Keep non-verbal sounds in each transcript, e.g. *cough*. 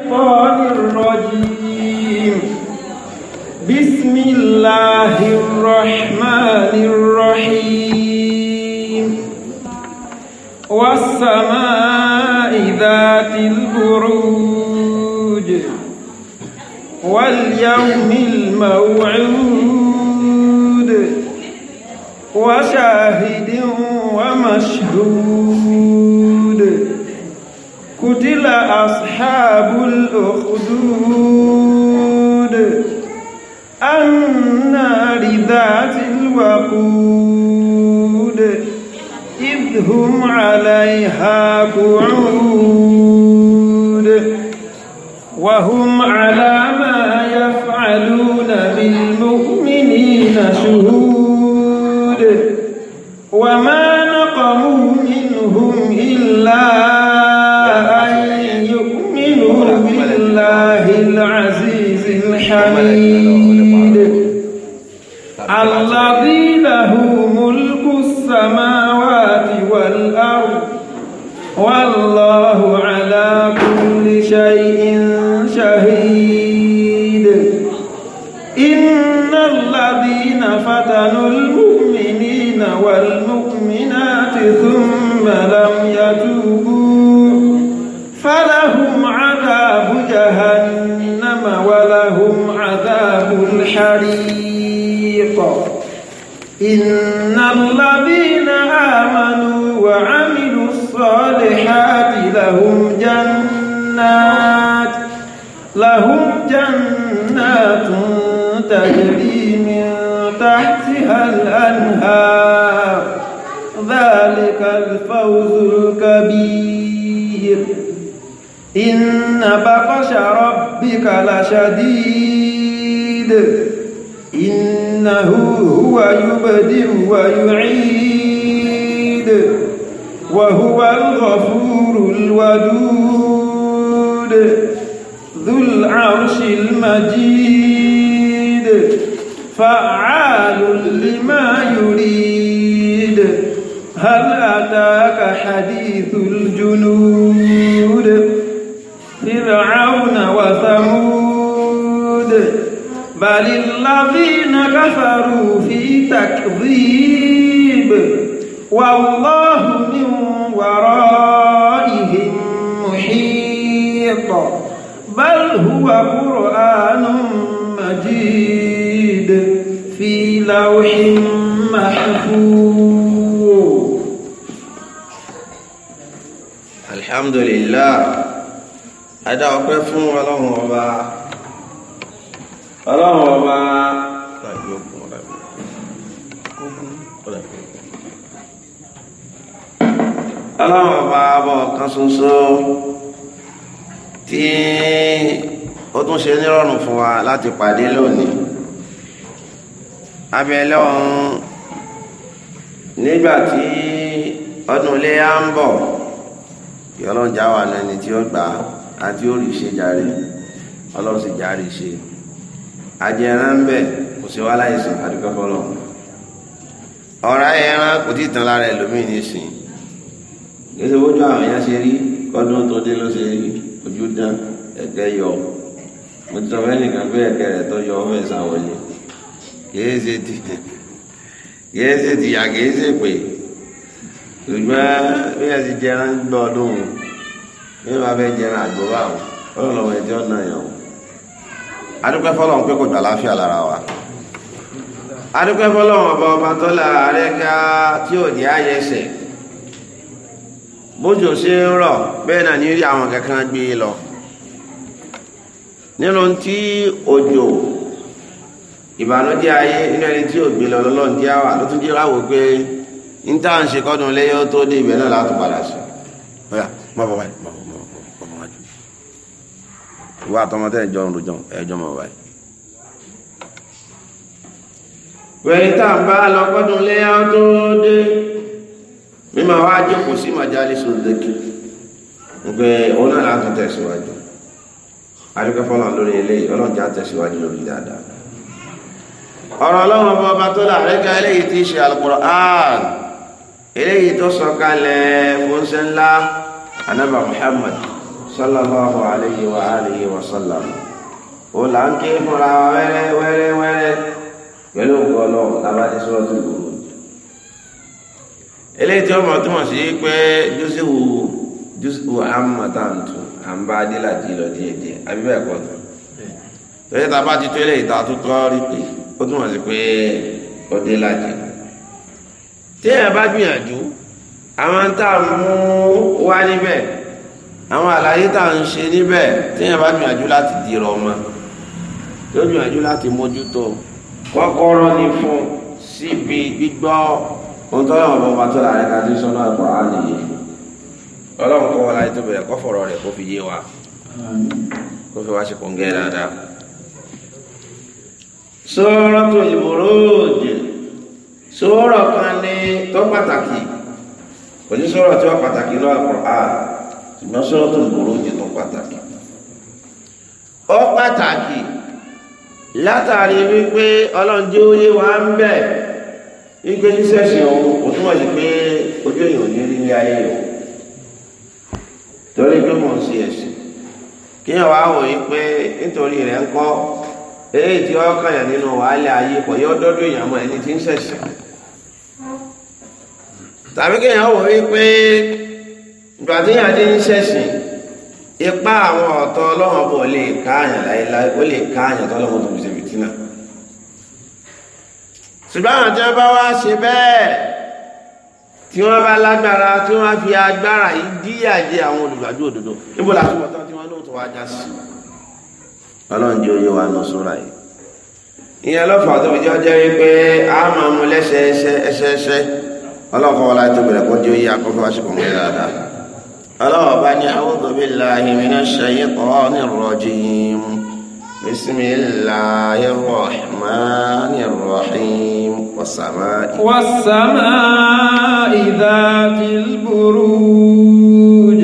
الشيطان الرجيم بسم الله الرحمن الرحيم والسماء ذات البروج واليوم الموعود وشاهد ومشهود الخدود النار ذات الوقود إذ هم عليها قعود وهم على 我们。الحريق إن الذين آمنوا وعملوا الصالحات لهم جنات لهم جنات تجري من تحتها الأنهار ذلك الفوز الكبير إن بطش ربك لشديد إنه هو يبدئ ويعيد وهو الغفور الودود ذو العرش المجيد فعال لما يريد هل أتاك حديث الجنود فرعون وثمود بل الذين كفروا في تكذيب والله من ورائهم محيط بل هو قرآن مجيد في لوح محفوظ الحمد لله هذا أقرأ فون ولهم ọlọ́run ọba ọlọ́run ọba ọba ọ̀kan ṣoṣo tí ó tún ṣe nírọ̀rùn fún wa láti pàdé lónìí abẹ́lẹ́ ọ̀hún nígbà tí ọdún ilé á ń bọ̀ yọlọ́njà wà lẹ́ni tí ó gbà á àti ó jàre ọlọ́run jàre ṣe. àjẹran ń bẹ kò sí wàhálà ìsìn àdúgbò fọlọ ọ̀rá ẹran kò tí ì tán lára ẹlòmíì nísìn gbèsè wójú àwọn èèyàn ṣe rí kọ́dún tó dé ló ṣe rí ojú dán yọ mo ti sọ nìkan pé tó yọ ọmọ wọlé ti adúpẹ́ fọ́lọ́run pé kò gbà láfíà lára wa adúpẹ́ fọ́lọ́run ọba ọba tó láàárẹ̀ ká tí ò ní ààyè ẹsẹ̀ bójú ṣe ń rọ̀ bẹ́ẹ̀ náà ní rí àwọn kankan gbé e lọ nínú tí òjò ìbànújẹ́ ayé inú ẹni tí ò gbé lọ lọ́lọ́run tí a wà ló tún jẹ́ ráwò pé ń tá à ń ṣe kọ́dún lẹ́yọ́ tó dé ibẹ̀ náà látò padà sí ìwà àtọmọtẹ ẹjọ ń rojọ ẹjọ mọ wáyé. wẹ̀rí tá à ń bá lọ́kọ́dún léyà tó dé mímọ̀ wá jókòó sí màjálísù dẹ́kì nígbẹ́ òun náà látò tẹ̀síwájú adúgbò fọlọ́ lórí eléyìí ọlọ́jà tẹ̀síwájú lórí dáadáa ọ̀rọ̀ ọlọ́run ọba ọba tó láàrẹ́ ká eléyìí ti ṣe alukur'an eléyìí tó sọ kalẹ̀ fúnṣẹ́ ńlá anábà Muhammad sallallahu alayhi wa alihi wa sallam ó là ń ké fúnra wa wẹ́rẹ́ wẹ́rẹ́ wẹ́rẹ́ pẹ̀lú ti sọ́rọ́ tó gbòòrò eléyìí tí ọmọ túmọ̀ sí pé lọ tó tá a bá ti tó eléyìí tá a tó rí pé ó sí pé bá gbìyànjú àwọn tá a àwọn àlàyé tá à ń ṣe níbẹ̀ téèyàn bá gbìyànjú láti dìrọ̀ ọmọ tó gbìyànjú láti mójútó kọ́kọ́rọ́ ni fún síbi gbígbọ́ ohun tó yàn ọ̀bọ̀n pàtó láàrin kájú ẹ̀kọ́ á ọlọ́run kọ́ wọlé ayé tó bẹ̀rẹ̀ kọ́ fọ̀rọ̀ rẹ̀ kó fi yé wa kó fi wá ṣe kóńgẹ́ dáadáa. Suratul Buruj sọ̀rọ̀ kan ní tó pàtàkì kò ní sọ̀rọ̀ tí wọ́n pàtàkì lọ́wọ́ ṣùgbọ́n suratul buruj tó pàtàkì ó pàtàkì látàrí wípé ọlọ́njẹ́ ó yé wa ń bẹ̀ wípé níṣẹ̀ṣẹ̀ òun kò pé ojú èèyàn ní rí ní ayé o torí pé mò ń ṣe ẹ̀sìn kí wá wòye pé nítorí rẹ̀ ń kọ́ èyí tí ó kàyàn nínú wàhálà ayé kò yọ dọ́dọ̀ èèyàn mọ́ ẹni ìgbà tí yàn ń ipá àwọn ọ̀tọ́ ọlọ́run bò lè káàyàn láìláì ó lè káàyàn tó ọlọ́run tó fi ṣe fìtínà ṣùgbọ́n tí wọ́n bá wá ṣe bẹ́ẹ̀ tí wọ́n bá lágbára tí wọ́n fi agbára yìí jẹ àwọn olùgbàdo òdodo níbo la tán tí wọ́n lóòótọ́ wá já sí ọlọ́run jẹ́ oyé wa nù sóra yìí ìyẹn tó fi a máa mú lẹ́sẹẹsẹ ẹsẹẹsẹ ألا بني أعوذ بالله من الشيطان الرجيم بسم الله الرحمن الرحيم والسماء والسماء ذات البروج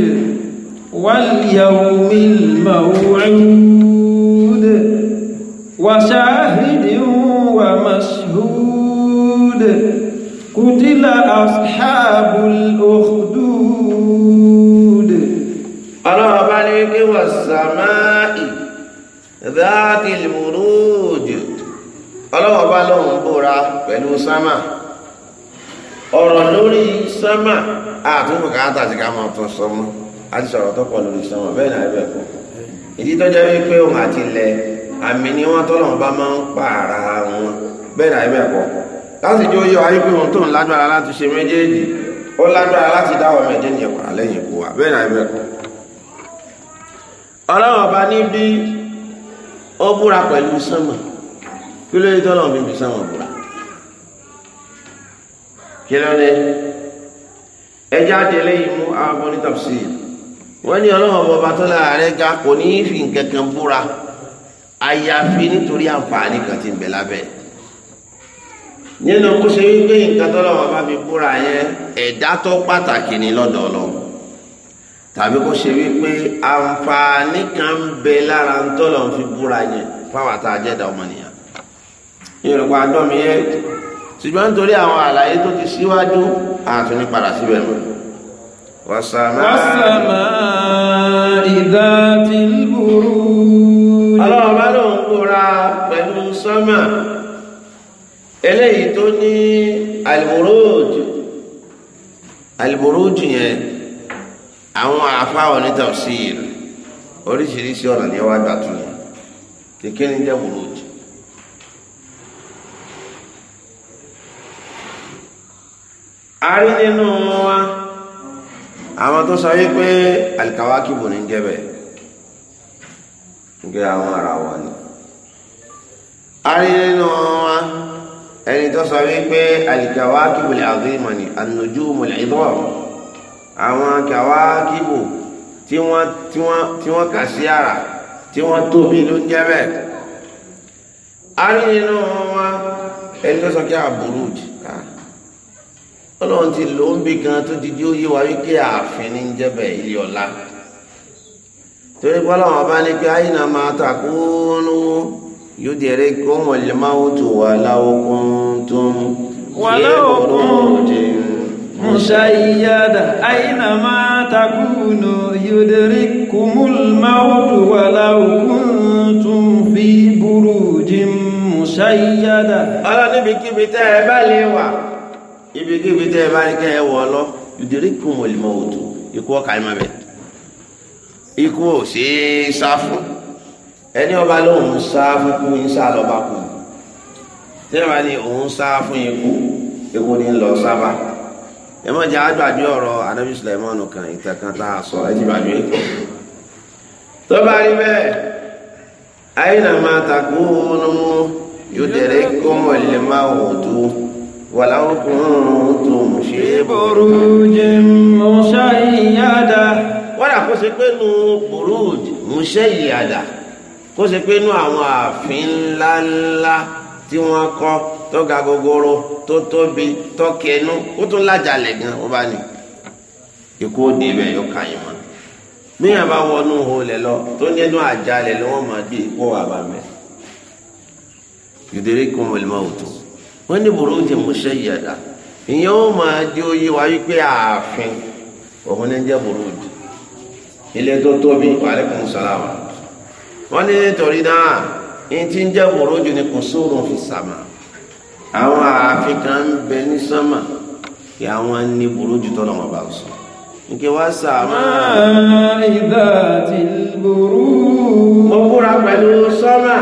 واليوم الموعود وشاهد ومشهود قتل أصحاب الأخرى dáàtì lùmùrúùjù ọlọ́wọ́ bá lọ́hùn bóra pẹ̀lú sámà ọ̀rọ̀ lórí sámà àtúnbùkà àtàtì ká máa tún sọmọ àti sọ̀rọ̀ tó pọ̀ lórí sámà bẹ́ẹ̀ náà ẹ̀bẹ̀ kọ́ ìdí tó jẹ́ wípé òun àti ilẹ̀ àmì ni wọ́n tọ́lọ́wọ́ bá máa ń pààrà wọn bẹ́ẹ̀ náà ẹ̀bẹ̀ kọ́ láti jó yọ ayé pé òun tó ń lágbára láti ṣe méjèèjì ó lágbára láti dáwọ́ méje ní ẹ̀pà lẹ́yìn ikú wa bẹ́ẹ̀ náà ẹ̀bẹ̀ kọ́ ọlọ́wọ́ bá níbi ó búra pẹ̀lú sánmà kí ló dé tọ́lọ̀ mi fi sánmà búra kí ló dé ẹjá délé yìí mú abọ́ ní wọ́n ní ọlọ́wọ́ ọba tọ́lá láàárẹ̀ ga kò ní í fi búra àyàfi nítorí àǹfààní kan ti ń lábẹ́ nínú kó ṣe wípé ọba fi búra yẹn ẹ̀dá tó pàtàkì ní lọ́dọ̀ tàbí kó ṣe wípé àǹfààní kan ń bẹ lára ń tọ́lọ̀ ń fi búra yẹn fáwọn àtàjẹ́dà ọmọnìyàn yorùbá dọ́mi yẹ ṣùgbọ́n nítorí àwọn àlàyé tó ti síwájú àtúní padà síbẹ̀ mọ́ wàsàmà ìdá ti ń burú ọlọ́run bá ló ń pẹ̀lú sọ́mà eléyìí tó ní alìbòróòjì alìbòróòjì yẹn àwọn àfáwọn ní tafsir oríṣiríṣi ọ̀nà ní wàá gbàtún yẹn kékeré ní jẹ́ wùlóòjì a rí nínú wa àwọn tó sọ wípé alikawakibu ní jẹ́ bẹ́ẹ̀ nígbà àwọn ara wa ni a rí nínú wa ẹni tó sọ wípé alikawakibu al-azima ni an-nujum al àwọn kàwákìbù tí wọ́n tí wọ́n tí wọ́n kà sí ara tí wọ́n tóbi ló ń jẹ́ bẹ́ẹ̀ a rí nínú wọn ẹni tó sọ kí àbúrú jì ká ọlọ́run ti lò ń bí gan tó di ó yé wa wípé ààfin ní jẹ́bẹ̀ ilé ọ̀la torí pọ́lọ́wọ́n bá ní pé ayé náà máa takúnú yóò dẹ̀rẹ́ kó wọ́n lè máa tó wà láwọ́ kún tó ń wà láwọ́ kún tó ń mushayyada aina ma takunu yudrikumul mautu walau kuntum fi burujin mushayyada ala níbi kíbi tẹ́ ẹ bá lè wà ibi kíbi tẹ́ ẹ bá ní kẹ́ ẹ wọ̀ lọ yudrikumul mautu ikú ọkà ẹ̀ má bẹ̀ ikú ò sí sá fún ẹni ọba lóun sá fún kú ń sá lọ́ba kù tẹ́wàá ni òun sá fún ikú ikú ni ń lọ sábà ẹ má jẹ́ àgbàgbé ọ̀rọ̀ anabi sulaimanu kan ìtẹ̀kan tá a sọ ẹtì gbàgbé. tó bá rí bẹ́ẹ̀ àyìnà máa takú nínú yóò tẹ̀lé kó wọn lè má wò tó wàláwò kún tó ń ṣe. ìbòrú jẹ́ mọ́ṣá ìyáda. wọ́n dà kó ṣe pé nu burúj mọ́ṣẹ́ ìyáda kó ṣe pé nu àwọn ààfin ńláńlá tí wọ́n kọ́. tó ga gogoro tó tóbi tó kẹnu ó tún lájàlẹ̀ gan ó bá ní ikú ó dé ibẹ̀ yóò kàn yín mọ́ míyàn bá wọnú olè lọ tó nínú àjálẹ̀ ló wọ́n máa bí ìdílé ní burú ti mú ìyẹn ó máa wa wípé ààfin òun ní burú ilé ń burú ní kò sóòrùn àwọn ààfin kan ń bẹ ní sánmà kí àwọn ní burújú tọ́lọ̀ wọn bá sùn nke wá sàmà. ìdá ti burú. mo búra pẹ̀lú sánmà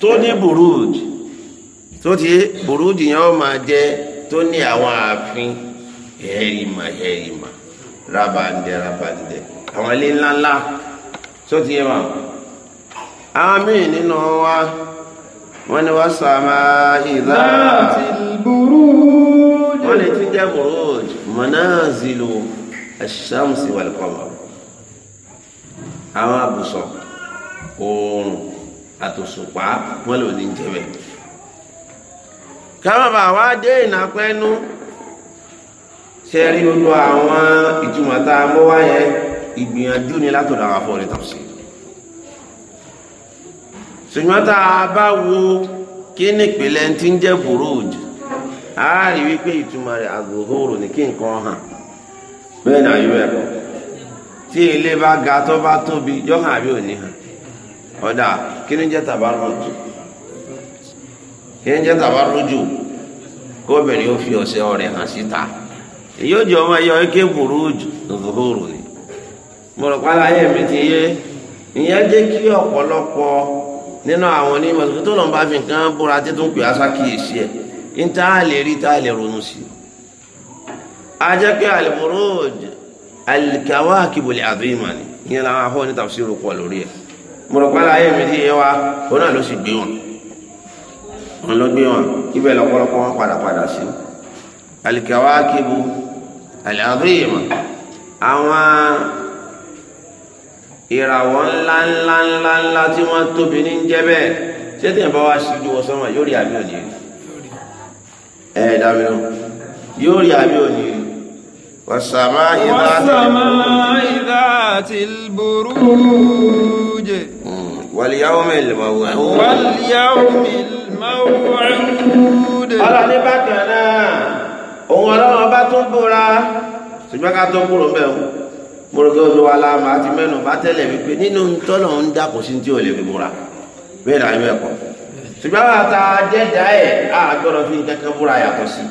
tó ní burújú tó ti burújú yẹn ó máa jẹ tó ní àwọn ààfin ẹ̀rìmà ẹ̀rìmà rabandẹ rabandẹ àwọn ilé ńláńlá tó ti yẹ mà. àmín nínú wa. No, uh, wọ́n ní wọ́n sàmà ìdá wọ́n ní tí jẹ́ buruj manazilu ash-shamsi wal-qamar àwọn àbùsọ̀ oòrùn àtòṣùpá wọ́n lò ní jẹ́bẹ̀ kábàbà wá dé ìnàpẹ́nu ṣe rí àwọn ìtumọ̀ tá ìgbìyànjú ni látọ̀dọ̀ àwọn afọ́ ní tafsir ṣùgbọ́n tá a bá wo kí ni ìpìlẹ̀ ń jẹ́ buruj a rí wípé ìtumọ̀ rẹ̀ àgbòhóró ní kí nǹkan hàn bẹ́ẹ̀ ni àyè tí ilé bá ga tó bá tóbi yọ àbí òní hàn ọ̀dà kí ni jẹ́ kí ni jẹ́ ó fi ọ̀sẹ̀ ọ̀rẹ̀ hàn síta èyí ó jẹ́ ọmọ ẹyọ ike buruj àgbòhóró ni mo rò pálá ayé mi ti yé ìyẹn jẹ́ nínú àwọn onímọ̀ tó tó lọ́n bá fi nǹkan bóra tí tó ń pè aṣá kíyèsí ẹ̀ ń tá a lè rí tá a lè ronú sí i. a jẹ́ pé al-murūj al-kawākibul ni ìyẹn làwọn afọ́ ní tafsir pọ̀ lórí ẹ̀. mùrùpálá ayé mi ti yẹ wa òun náà ló sì gbé wọn òun ló gbé wọn ibẹ̀ lọ́pọ̀lọpọ̀ wọn padà padà sí. al-kawākibul 'aẓīma àwọn ìràwọ̀ ńlá ńlá ńlá ńlá tí wọ́n tóbi ní jẹ́ bẹ́ẹ̀ ṣé tí ìbá wa ṣíjú wọ sọ́mọ̀ yóò rí àbí òní rí ẹ̀ dàbínú yóò rí àbí òní rí wàsàmá ìdá àti burújẹ wàlíyàwó mẹ́lẹ̀mọ́wọ́ wàlíyàwó mẹ́lẹ̀mọ́wọ́ ọlọ́ni bákan náà òun ọlọ́run ọba tó ń bóra ṣùgbọ́n ká tó kúrò mẹ́rin mọ̀rọ̀kẹ́ ojú wa láàmà àti mẹ́nu bá tẹ́lẹ̀ wípé nínú tọ́lọ̀ ń dà kò sí tí ò lè fi búra bẹ́ẹ̀ náà yóò ẹ̀kọ́ ṣùgbọ́n àta jẹ́dá ẹ̀ àgbọ̀rọ̀ fi kẹ́kẹ́ búra yàtọ̀ sí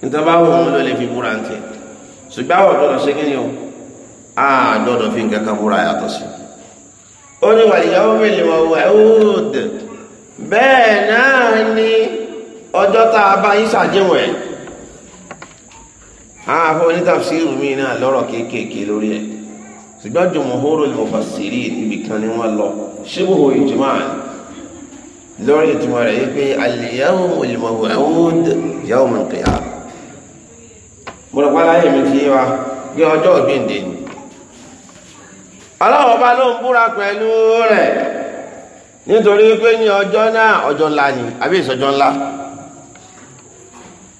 nítorí báwo wọn ló lè fi búra ń tẹ̀ ṣùgbọ́n àwọn ọ̀dọ́dọ̀ ṣe kí ni o àgbọ̀rọ̀ fi kẹ́kẹ́ búra yàtọ̀ sí. ó ní wàlíyàwó mi lè wọ̀ wẹ̀ bẹ́ẹ̀ náà ni ọjọ́ tá a bá yín ṣàjẹ́wọ̀ ẹ̀ àwọn afọ onítàfsírù míì náà lọ́rọ̀ kéékèèké lórí ẹ̀ ṣùgbọ́n jùmọ̀hóró ni mo fà sírí ibì kan ni wọ́n lọ ṣébùhù ìjùmọ̀ lórí ìtumọ̀ rẹ̀ yìí pé àlìyáwó mọ̀lìmọ̀wò ẹ̀wọ́n yàwó mọ̀ nìkìyà mo rọ̀ pálá yẹ̀mí ti yé wa bí ọjọ́ ògbéǹde ni ọlọ́wọ́ bá ló ń búra pẹ̀lú rẹ̀ nítorí pé ní ọjọ́ náà ọjọ́ ńlá ni àbí ìsọjọ́ ńlá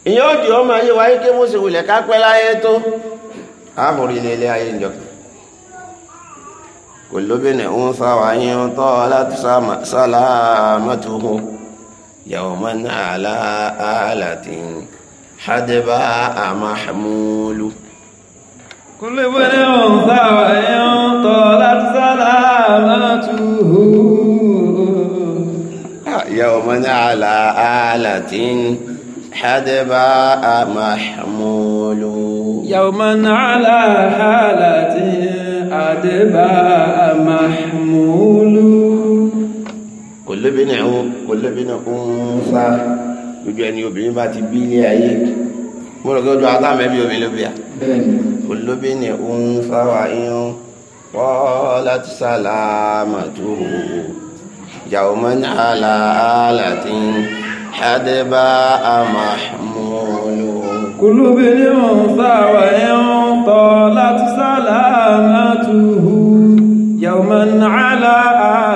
ìyẹn ó di ọmọ ayé wáyé ké mú sí wulẹ̀ kápẹ́ láyé tó àbúrí ilé ilé ayé ìjọ kò lóbìnrin ń sá wà ní tọ́ láti sálámàtúhù yàwó mọ́nà aláàlàtì hadeba amahamulu. kò lóbìnrin ń sá wà ní tọ́ láti sálámàtúhù yàwó mọ́nà aláàlàtì hadeba amahamulu. الحدباء محمول يوما على حالة أدباء محمول كل بنع كل بنع أنثى gbogbo ẹni obìnrin bá ti bí ilé ayé mo rò pé ojú ata mẹ́bí omi ló bíà olóbìnrin òun fáwa yín wọ́n láti sálámà tó yàwó mọ́ ní àlàálà tí ń. أدباء محمول كل بالأنثى وإن طالت سلامته يوما على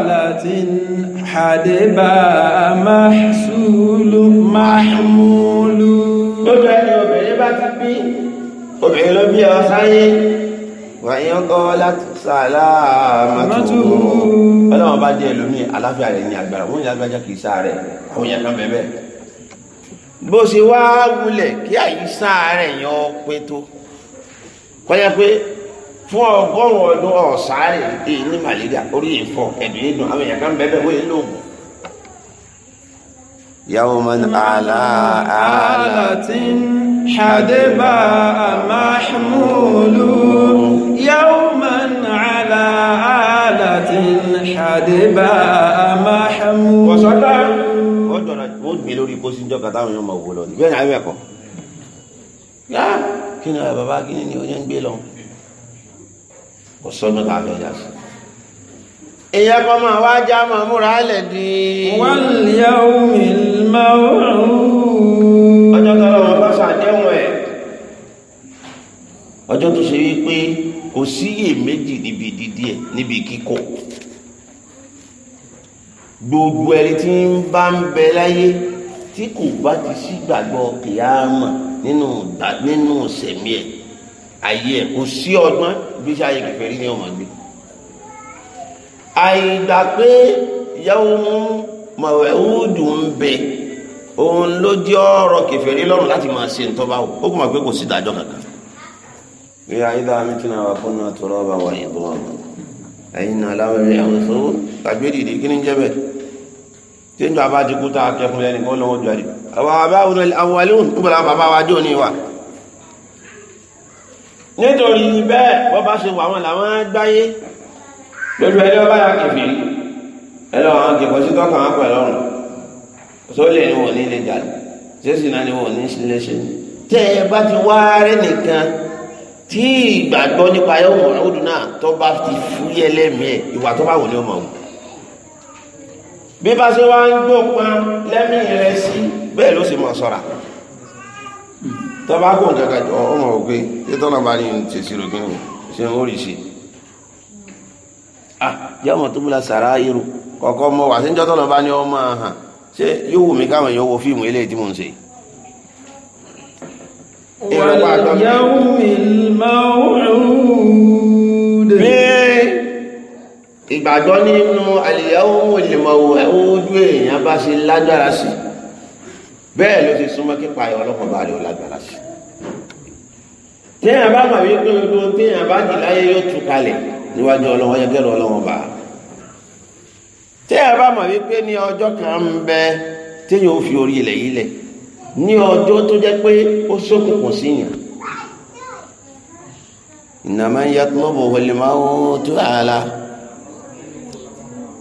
آلة حدباء محسول محمول obìnrin ló bí ọ sáyé wàyín kọ́lá sàlámàtò ọlọ́wọ́n bá jẹ́ lómi aláfíà rẹ̀ ní agbára wọ́n yà gbájá kìí sáà rẹ̀ àwọn kan bẹ̀bẹ̀ bó ṣe wá wulẹ̀ kí àyí sáà rẹ̀ yàn pé tó kọjá pé fún ọgọ́rùn ọdún حدبا محمول يوما على آلة حدبا محمول وصلى wọ́n gbé lórí kó síjọ́ kàtà àwọn ọmọ òwò lọ ní bẹ́ẹ̀ ni àwọn ẹ̀kọ́ yá kí ni bàbá kí ni oní ń gbé lọ kò sọ́nà tàbí ọjà sí èyàn máa wá já máa múra lẹ̀ dìí wal yawmil maw'ud ọjọ́ tó ṣe wípé kò síyè méjì níbi dídí ẹ̀ níbi kíkọ́ gbogbo ẹni tí ń bá ń bẹ láyé tí kò bá ti sí gbàgbọ́ kìámà nínú nínú sẹ̀mí ẹ̀ ayé ẹ̀ kò sí ọgbọ́n gbèsè ayé kẹfẹ́ rí ní ọmọ gbé àìgbà pé ìyàwó mú mọ̀wẹ́wúdù ń bẹ òun ló jẹ́ ọ̀rọ̀ kẹfẹ́ rí lọ́rùn láti máa ṣe ń tọ́ bá ó kò mọ̀ pé kò sí ìdájọ́ kankan ìyá ìdá amítínà wà fún náà tọrọ bá wà yìí bọ́ ẹ̀yìn náà lábẹ́rẹ́ àwọn ìṣòro tàbí dìde kí ni jẹ́bẹ̀ tí ń jọ abá ti kú tá a kẹfún ẹni kó lọ́wọ́ jọ àdì àwọn bàbá àwọn alóhùn tó bọ̀lá bàbá wa jọ ní wa nítorí bá ti wá rẹ nìkan tí ìgbàgbọ́ nípa yọ̀wọ̀n ọdún náà tó bá ti fúyẹ́ lẹ́mìí ẹ̀ ìwà tó bá ní ọmọ bí bá ṣe wá ń gbó pọn lẹ́mìí rẹ sí bẹ́ẹ̀ ló sì mọ̀ sọ́ra tó bá kó nǹkan ọmọ òkè bá ṣe rí mọ tọ́nà bá ní ọmọ wo ịrụkwa atọ bẹ́ẹ̀ ìgbàgbọ́ nínú al-yawmul maw'ud èèyàn bá ṣe lágbára sí bẹ́ẹ̀ ló ti súnmọ́ kípa ayọ̀ bá rí ọ lágbára sí téèyàn bá mọ̀ wípé ogun téèyàn bá jì láyé yóò tú kalẹ̀ níwájú ọlọ́wọ́ ní ọjọ́ tó jẹ́ pé ó ṣókùnkùn sí yàn ìnàmá ń yàtọ̀lọ́bọ̀ wọlé máa ń tó ààlà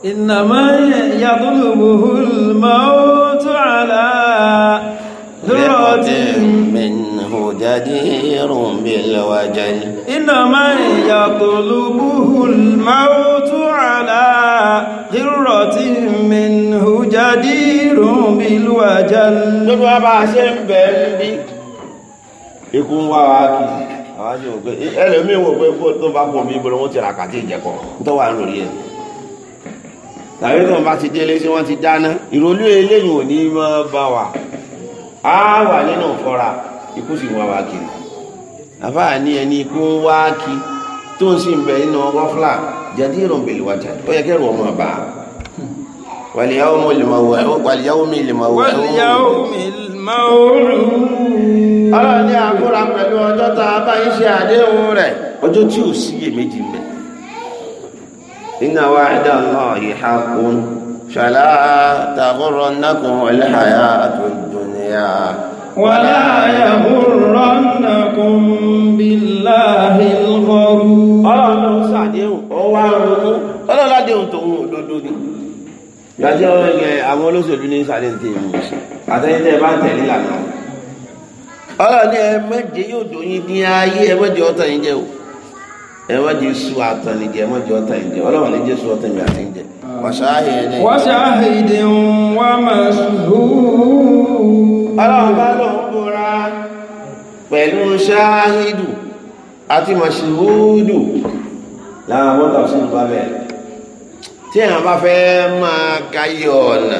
ìnàmá ń yàtọ̀lọ́bọ̀ wọlé máa ń tó ààlà لمرة منه جدير بالوجل إنما يطلبه الموت على غرة منه جدير بالوجل lórí wa bá a ṣe ń bẹ̀ ń bí ikú ń wá wa kì àwọn àti òpé ẹlẹ́mìí wò pé kó ti ra kàtí ìjẹkọ tó wà lórí ẹ tàbí tó ti délé sí wọn ti dáná ìròlú eléyìí ò ní máa bá wa á wà nínú fọ́ra ikú sì wọ́n wá kiri àbá ní ẹni ikú ń wá kí tó ń sì ń bẹ nínú rọ́fúlà jáde ìrọ̀mbèlè wájà ó yẹ kẹ́rù ọmọ bá a. واليوم الموعود واليوم الموعود واليوم الموعود ọlọ́run ní àkúrà pẹ̀lú ọjọ́ tá a bá ń ṣe àdéhùn rẹ̀ ọjọ́ tí ò sí èméjì mẹ́ inna wa'da Allahi haqqun fala taghurrannakum al-hayatu ad-dunya الدنيا ولا يغرنكم بالله الغرور ọlọ́run ṣàdéhùn ọwọ́ àrùn ọlọ́run ládéhùn tòun òdodo ni gbàjọ́ ẹ̀ àwọn olóṣèlú ní bá tẹ̀lé lànà ọlọ́run ní ẹ̀mẹ́jẹ yóò dòyìn ní o su ọlọ́run bá lọ́n búra pẹ̀lú ṣáhídù àti màṣíhúdù láwọn mọ́tà sínú bá bẹ̀rẹ̀ tí èèyàn bá fẹ́ máa káyé ọ̀nà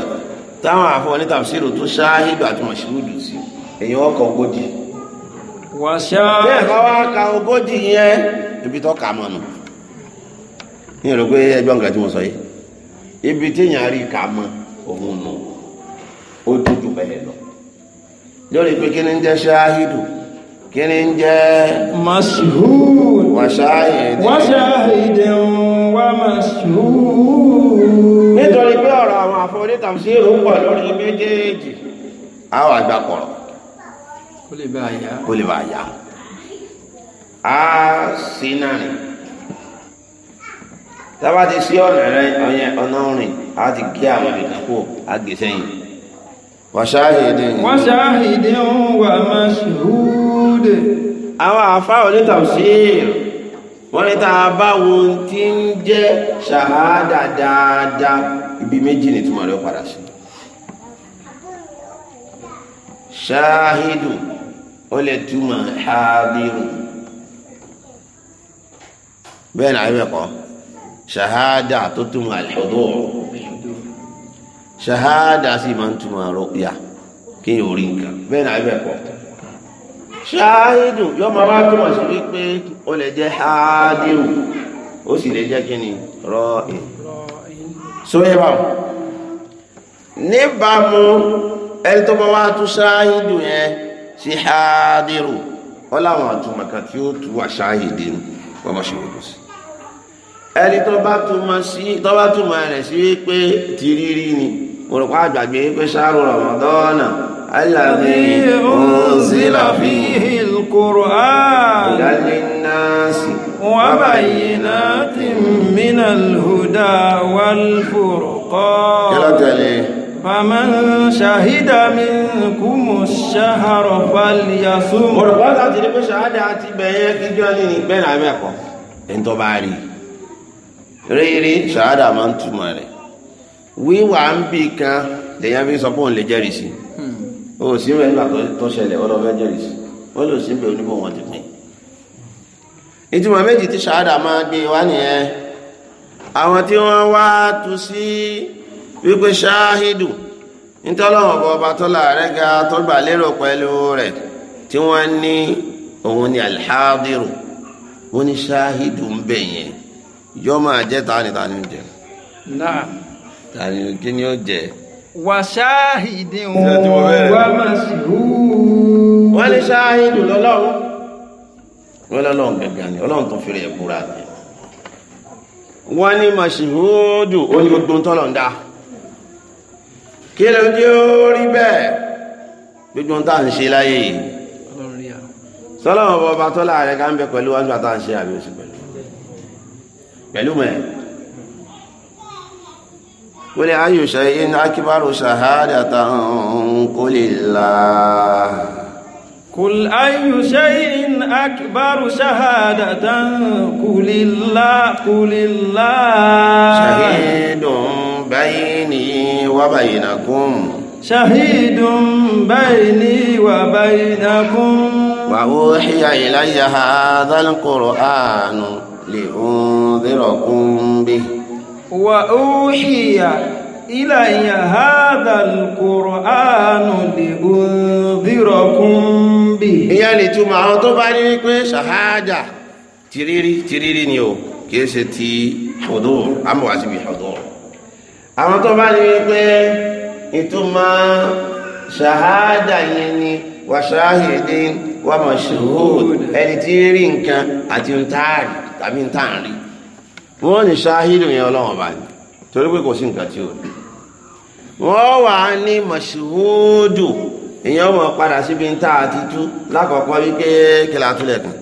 táwọn àfọwọ́ ní tàbísírò tó ṣáhídù àti màṣíhúdù sí èèyàn ọkọ̀ ogójì tí ẹ̀kọ́ wá ka ogójì yẹn ibi tó kà mọ́nu ní ìrò pé ẹgbẹ́ ọ̀gá tí mo sọ yìí ibi tí èèyàn rí kà mọ́ òun nù ó dúdú bẹ́ẹ̀ lọ lórí pé kí ni ń jẹ́ kí ni ń jẹ́ mashhud nítorí pé ọ̀rọ̀ àwọn àfọwọ́dé tafsíìrù pọ̀ lórí méjèèjì àwọn àgbà pọ̀rọ̀ kó lè a sí náà ni tábà sí ọ̀nà rẹ̀ ọ̀nà orin a ti gé àwọn ìdàkó wàṣáhìdì wàṣáhìdì wà mashhud àwọn àfá oní tafsir wọ́n ní tá a bá wo tí ń jẹ́ ṣàhádà dáadáa ibi méjì ní túnmọ̀ rẹ̀ padà sí lè túnmọ̀ ṣáàbírù ṣahada sì máa ń túmọ̀ àrọ́kùyà kí n ò rí nǹkan bẹ́ẹ̀ náà bẹ́ẹ̀ kọ́ ṣááhídù yọ máa wá túmọ̀ sí wípé ó lè jẹ́ háádìrù ó sì lè jẹ́ kí ni rọ́ọ̀ìn sóyébà níbàámu ẹni tó bá wá tún ṣááhídù yẹn sí háádìrù ó láwọn àtúmọ̀ kan tí ó tú wà ṣááhídì ni wọ́n bá ṣe wọ́pọ̀ sí ẹni tó bá túmọ̀ rẹ̀ sí wípé tìrírí ni òrùpá àgbàgbé pé ṣáàrù rọ̀mọ̀dọ́nà aláàbí òǹzílà fi ìlkòrò ààlìlẹ́nàásì wọ́n báyìí náà ti mìnà lùdá wàlfòrùkọ́ فمن شهد منكم الشهر فليصم òrùpá láti rí pé ṣáàdà àti bẹ̀yẹ kíjọ́ ní ìgbẹ́nà wíwà ń bì kan lèyàn fi sọ pé òun lè jẹ́rìí sí o hmm. sì ń bẹ nígbà tó ṣẹlẹ̀ ó lọ fẹ́ jẹ́rìí sí wọ́n lò sí ń bẹ oníbò wọn ti pín ìtumọ̀ méjì tí ṣáádà máa gbé wá nìyẹn àwọn tí wọ́n wá tu sí wípé ṣááhídù nítọ́lọ́wọ̀n bọba tó láàrẹ́ ga tó gbà lérò pẹ̀lú rẹ̀ tí wọ́n ní òun ni alhadiru wọ́n ní ṣááhídù ń bẹ yẹn yọ́ máa jẹ́ tani tani ń jẹ. náà tani kí ni ó jẹ. wà ṣáàhìdì wọn wà má sí rú. wọ́n ní ṣáàhìdì lọ́lọ́run. wọ́n lọ́lọ́run gàgà ni ọlọ́run tó fèrè ẹ̀kúra ni. wọ́n ní màṣíhóòdù ó ní gbogbo tọ́lọ̀ ń dá. kí ló dé ó rí bẹ́ẹ̀ gbogbo tá à ń ṣe láyé sọlọ́wọ́n bọba tọ́lá rẹ̀ ká ń bẹ pẹ̀lú wájú àtàǹṣe àbí oṣù pẹ̀lú pẹ̀lú mẹ́rin قل أي شيء أكبر شهادة قل الله قل أي شيء أكبر شهادة قل الله قل الله شهيد بيني وبينكم شهيد بيني وبينكم وأوحي إلي هذا القرآن لأنذركم به وأوحي إلي هذا القرآن لأنذركم به ìyẹn lè túmọ̀ àwọn tó bá rí wípé ṣàhájà tìrírí tìrírí ni o kì ṣe ti hudur àmọ́ wá àwọn tó bá rí wípé ìtumọ̀ ṣàhájà yẹn ni wà ṣáhìdín wà mashhud ẹni tí rí nǹkan àti ń tàbí wọ́n ní ṣáhídù yẹn ọlọ́wọ́n bá ní torí pé kò sí nǹkan tí ó ní wọ́n wà ní mọ̀ṣúhúdù èèyàn mọ̀ padà síbi ń àti tú lákọ̀ọ́kọ́ wípé kìlà túlẹ̀ kan.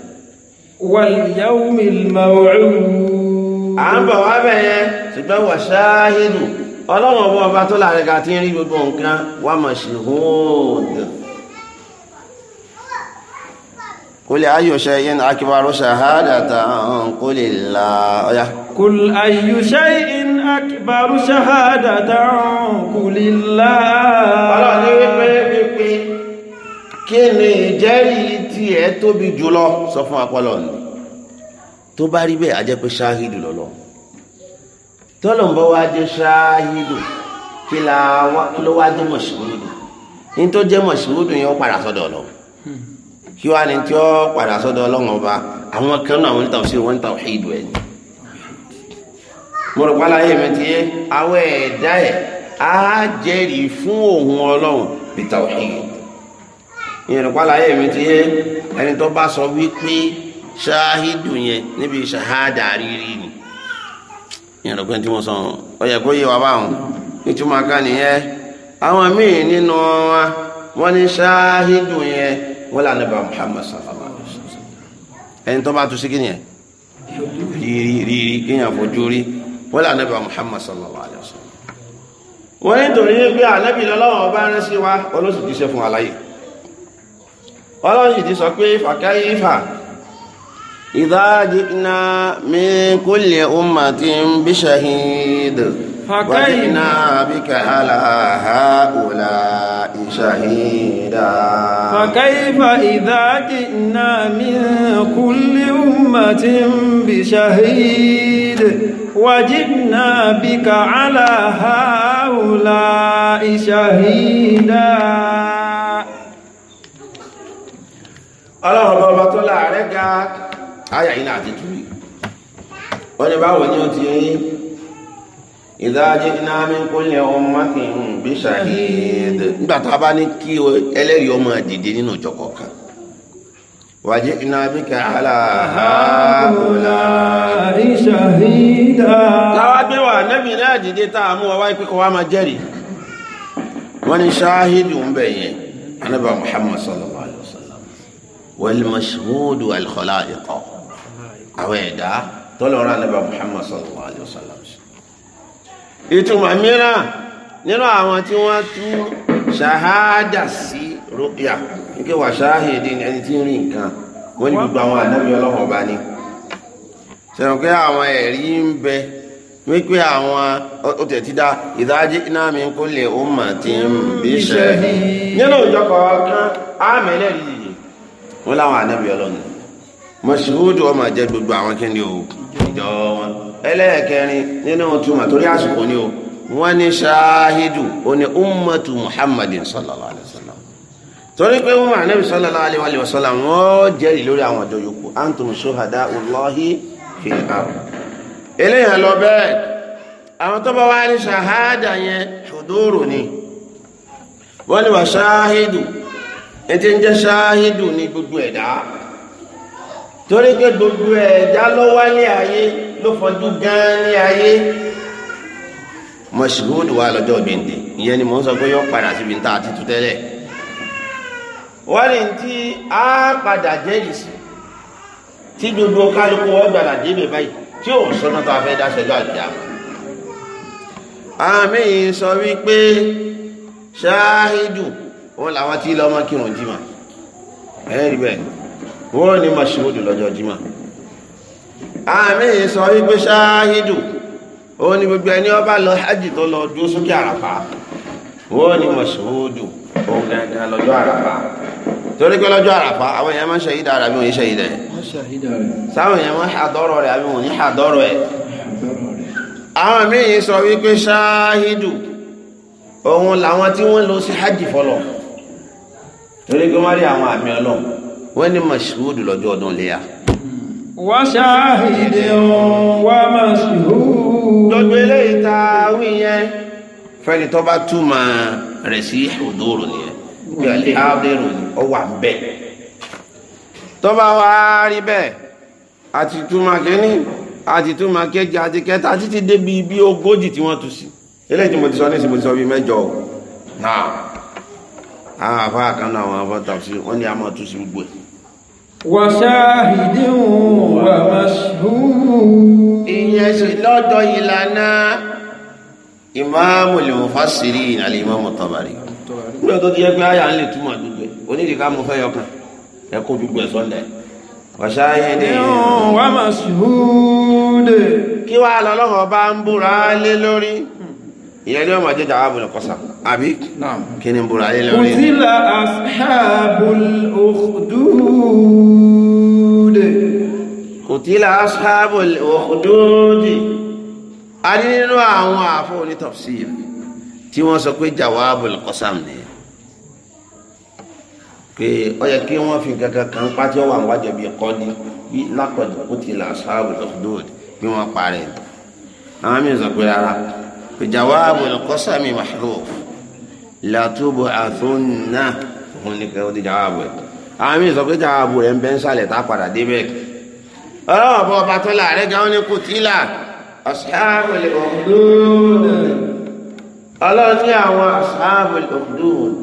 wal yawmil maw'ud. à ń bọ̀ wá bẹ̀yẹn ṣùgbọ́n wà ṣáhídù ọlọ́wọ́n bọ́ ọba tó láàrin ká قل أي شيء أكبر شهادة قل الله قل أي شيء أكبر شهادة قل الله kí ni ìjẹ́rìí tiẹ̀ tóbi jùlọ sọ fún apọ́lọ́ ni tó bá rí bẹ́ẹ̀ ajẹ́ pé ṣáhídù lọ́lọ́ tọ́lọ̀ ń bọ́ wá jẹ́ ṣáhídù kí ló wá jẹ́ mọ̀ṣímúdù ní tó jẹ́ mọ̀ṣímúdù yẹn ó padà sọ́dọ̀ ọlọ́run kí wàá ní tí ó padà sọ́dọ̀ Ọlọ́run ọba àwọn kan náà àwọn onítàwọn sí wọn tàwọn ṣèdù ẹ ni mo rò pálá yé mi ti yé àwọn ẹ̀dá ẹ̀ á jẹ́rìí fún òun Ọlọ́run bí tàwọn ṣèdù ìyẹn rò pálá yé mi ti ẹni tó bá sọ wípé ṣáhídù yẹn níbi ṣàhádà rírí ni ìyẹn rò pé tí mo sọ ọ yẹ kó yé wa báwọn nítumọ̀ ká nìyẹn àwọn míì nínú wa wọ́n ní ṣáhídù yẹn wọ́n lànà bá Muhammad sallallahu alaihi wasallam ẹni tó bá tu sí kínyẹn rírí rírí kínyẹn fojú rí wọ́n lànà bá Muhammad sallallahu alaihi wasallam. wọ́n ní torí pé ànábì lọ́wọ́ bá rán sí wa olóṣù ti ṣe fún àlàyé ọlọ́run sì ti sọ pé fàkẹ́yì fà idha ji'na min kulli ummatin bi shahid. وجئنا بك على هؤلاء شهيدا فكيف إذا جئنا من كل أمة بشهيد وجئنا بك على هؤلاء شهيدا ọlọ́run ọba tó láàrẹ́ ga ayà yìí náà ti tú yìí wọ́n ní báwo ni ó ti yín idha ji'na min kulli ummatin bi shahid nígbà tá a bá ní kí ẹlẹ́rìí ọmọ dìde nínú ìjọ kọ̀ọ̀kan wa ji'na bika ala ha'ula'i shahida. láwa gbé wa nẹ́bí náà dìde tá a mú wa wáyé pípọ̀ wa máa jẹ́rìí wọ́n ní ṣáhídù ń bẹ̀ yẹn anábà Muhammad sallallahu alayhi wa sallam wal mashhudu àwọn ẹ̀dá tọ́lọ́rọ̀ anábà Muhammad sallallahu wa ìtumọ̀ mìíràn nínú àwọn tí wọ́n tú ṣàhádà sí rúkìá nígbà wà ṣáhìdì ní ẹni tí ń rí nǹkan wọ́n ní gbogbo àwọn ànábì ọlọ́run bá ní sẹ̀rọ̀ pé àwọn ẹ̀rí ń bẹ wípé àwọn ó ti dá ìdájí mi kó lè ẹlẹ́ẹ̀kẹrin nínú túmọ̀ torí àsìkò ni o wọ́n ní ṣááhídù ó ní ummatu muhammadin sallallahu alayhi wa sallam torí pé wọ́n máa nẹ́bí sallallahu alayhi wa sallam wọ́n jẹ́rìí lórí àwọn àjọ yòókù antum shuhada ullahi fi al-ard eléyàn lọ bẹ́ẹ̀ àwọn tó bá wá ní ṣàhádà yẹn ṣòdóró ni wọ́n ní wà ṣááhídù ẹ̀ ti ń jẹ́ ṣááhídù ní gbogbo ẹ̀dá torí pé gbogbo ẹ̀dá ló wá ní ayé ló fọjú gan ní ayé mọ̀ṣúlùmí wà lọ́jọ́ gbèǹde ìyẹn ni mò ń sọ pé yóò padà síbi tá a ti tú tẹ́lẹ̀ wọ́n ní tí a padà jẹ́rìí sí tí gbogbo kálukú wọ́n gbàdà débè báyìí tí ò sọ́nà tó a fẹ́ dá sọ́jọ́ àjá àmì sọ wípé ṣááhídù wọn làwọn tí lọ́mọ kírun jìmọ̀ ẹ̀rí bẹ́ẹ̀ wọ́n ní mashudu lọ́jọ́ jímọ̀ àmì sọ wípé ṣáhídù ó ní gbogbo ẹni ó bá lọ hajj tó lọ dúró sókè àràfà wọ́n ní mashudu òun dandan lọ́jọ́ àràfà torí pé lọ́jọ́ àràfà àwọn èèyàn máa ń rẹ̀ àbí wọ́n yí rẹ̀ sáwọn èèyàn máa ṣàdọ́rọ̀ rẹ̀ àbí wọ́n ṣàdọ́rọ̀ ẹ̀ àwọn míì sọ wípé ṣáhídù òun làwọn tí wọ́n lọ sí hajj fọlọ̀ torí pé wọ́n rí àwọn àmì ọlọ́run wọ́n ní mashudu lọ́jọ́ ọdún léyà. wá ṣáàhìdè wá mashudu. lọ́jọ́ eléyìí ta wí yẹn fẹ́ni tó bá túmọ̀ rẹ̀ sí òdòrò nìyẹn bí alẹ́ àbẹ̀rù ọwà bẹ́ẹ̀ tó bá wá rí bẹ́ẹ̀ àti túmọ̀ kẹ́ni àti túmọ̀ kẹ́jẹ àti kẹta títí débi bí ogójì tí wọ́n tu sí eléyìí tí mo ti sọ ní ìsìn mo ti sọ bíi mẹ́jọ náà àwọn afáàkánná àwọn afọ́tàfsí wọ́n ní a máa tú sí gbogbo ẹ̀ وشاهد ومشهود ìyẹn sì lọ́dọ̀ ìlànà ìmáàmù lèmọ̀fásírì àlèmọ̀mù tọ̀bàrí nígbà tó ti yẹ pé àyà ń lè túmọ̀ dúdú ẹ̀ onídìíká mo fẹ́ yọkàn ẹ kó dúdú ẹ̀ sọ́ndà ẹ̀ وشاهد ومشهود kí wàá lọ́lọ́wọ́ bá ń búra lé lórí ìyẹn ni wọ́n máa jẹ́ jàwábù ní kọ́sà àbí kí ni bùrọ̀ ayé lórí rẹ̀. kùtìlà ashabul ukhdud. kùtìlà ashabul ukhdud. a ní nínú àwọn àfọ onítọ̀síyà tí wọ́n sọ pé jàwábù ní kọ́sà ni pé ó yẹ kí wọ́n fi kankan kan pátí ọ̀wà wájú bí ẹ̀kọ́ ni lákọ̀dọ̀ kùtìlà ashabul bí wọ́n parẹ́ àwọn mí jawabu al-qasami mahruf latubu athunna òun ni kẹ́wọ́n ti jawabu ẹ̀ àwọn míì sọ pé jawabu rẹ̀ ń bẹ́ ń sàlẹ̀ tá a padà débẹ̀ ọlọ́wọ́ bọ́ ọba tó láàrẹ́ gan ní kùtìlà ashabul ukhdud ọlọ́run ní àwọn ashabul ukhdud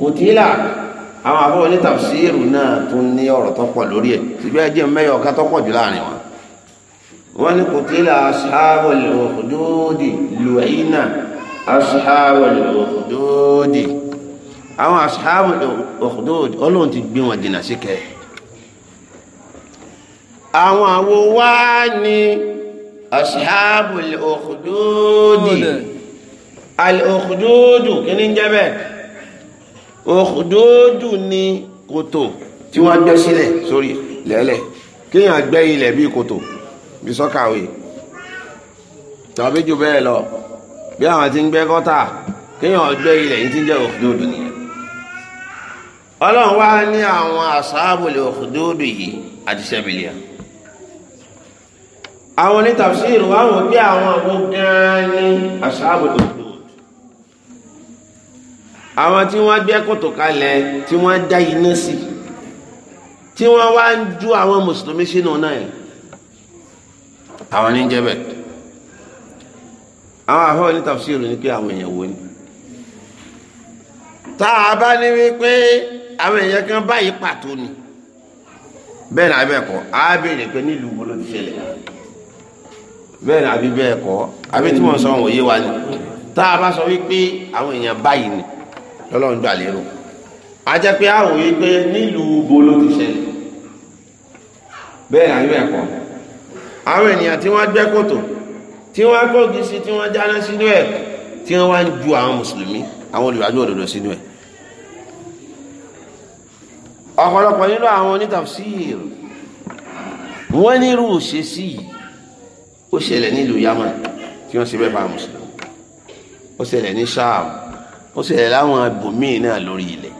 kùtìlà àwọn àbọ̀ onítàfsírù náà tún ní ọ̀rọ̀ tó pọ̀ lórí ẹ̀ síbí ẹjẹ́ mẹ́yọ̀ ọ̀ká tó pọ̀ jù láàrin wọn wọ́n ní kutila ashabul ukhdudi lu'ina ashabul ukhdudi àwọn ashabul ukhdudi ọlọ́run ti gbé wọn dènà síkẹ́ àwọn àwo wá ní ashabul ukhdudi al-ukhdudu kí ní jẹ́ bẹ́ẹ̀ ukhdudu ní kòtò tí wọ́n gbẹ́ sílẹ̀ sórí lẹ́lẹ̀ kí yàn gbẹ́ ilẹ̀ bí kòtò bí sọ́kàwé tàbí jù bẹ́ẹ̀ lọ bí àwọn ti ń gbẹ́ gọ́tà kéèyàn gbẹ́ ilẹ̀ yìí ti ń jẹ́ òkúdòdò nìyẹn ọlọ́run wá ní àwọn àsáàbòlè òkúdòdò yìí àti sẹ́bìlìyà àwọn onítàfsírù àwọn bí àwọn àwọn gan ní àsáàbòlè òkúdòdò àwọn tí wọ́n gbẹ́ kòtò kalẹ̀ tí wọ́n dá iná sí tí wọ́n wá ń ju àwọn mùsùlùmí sínú náà àwọn ní jẹ́ àwọn ní tafsir ní pé àwọn èèyàn wo ni tá a bá ní wípé àwọn èèyàn kan báyìí pàtó ni bẹ́ẹ̀ náà bẹ́ẹ̀ kọ́ á béèrè pé nílùú wo ló ti ṣẹlẹ̀ bẹ́ẹ̀ wa ni tá a bá sọ wípé àwọn èèyàn báyìí a jẹ́ pé pé nílùú wo ló ti àwọn ènìyàn tí wọ́n gbẹ́ kòtò tí wọ́n kógi sí tí wọ́n jáná sínú ẹ̀ tí wọ́n wá ń ju àwọn mùsùlùmí àwọn olùwájú òdòdó sínú ẹ̀ ọ̀pọ̀lọpọ̀ nínú àwọn onítàfsíìrì wọ́n nírú òṣè sí yìí ó ṣẹlẹ̀ nílùú Yaman tí wọ́n ṣe bẹ́ẹ̀ bá mùsùlùmí ó ṣẹlẹ̀ ní Ṣáàm ó ṣẹlẹ̀ láwọn ibòmíì náà lórí ilẹ̀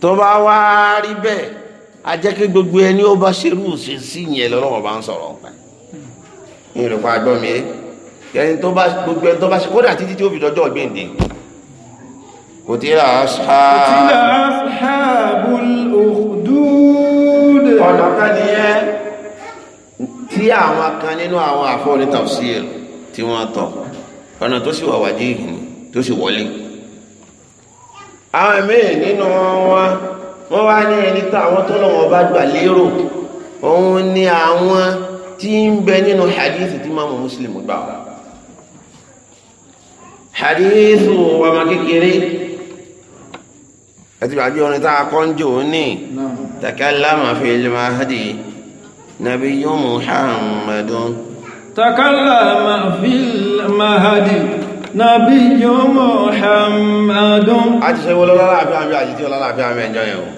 tó bá wá rí bẹ́ẹ̀ ajẹ́ kí gbogbo ẹni ó bá ṣerú ṣe sí yẹn lọ́wọ́ bá ń sọ̀rọ̀ ọ̀pẹ́ ìrìnkọ́ àgbọ̀ mi ẹni tó bá gbogbo ẹni tó bá ṣe kódà títí tí ó fi dọjọ́ gbèǹde kò tí ra ashabul ukhdud ọ̀nà kan nìyẹn tí àwọn kan nínú àwọn àfọ́rí tafsir tí wọ́n tọ̀ ọ̀nà tó sì wà wájú ìhìn tó sì wọlé àwọn míì nínú wọn wọ́n wá ní ẹni tó àwọn tó lọ́wọ́ bá gbà lérò òun ni àwọn tí ń bẹ nínú hadithi tí máa mú muslim gbà wá hadithu ọmọ kékeré àti bàbí orin tá a kọ́ ń jò ní takallama fil mahdi nabiyyu muhammadun takallama fil mahdi nàbí yóò Muhammadun. a ti ṣe wọlé lálàáfíà mi àti tí ó lálàáfíà mi ẹjọ́ yẹn o.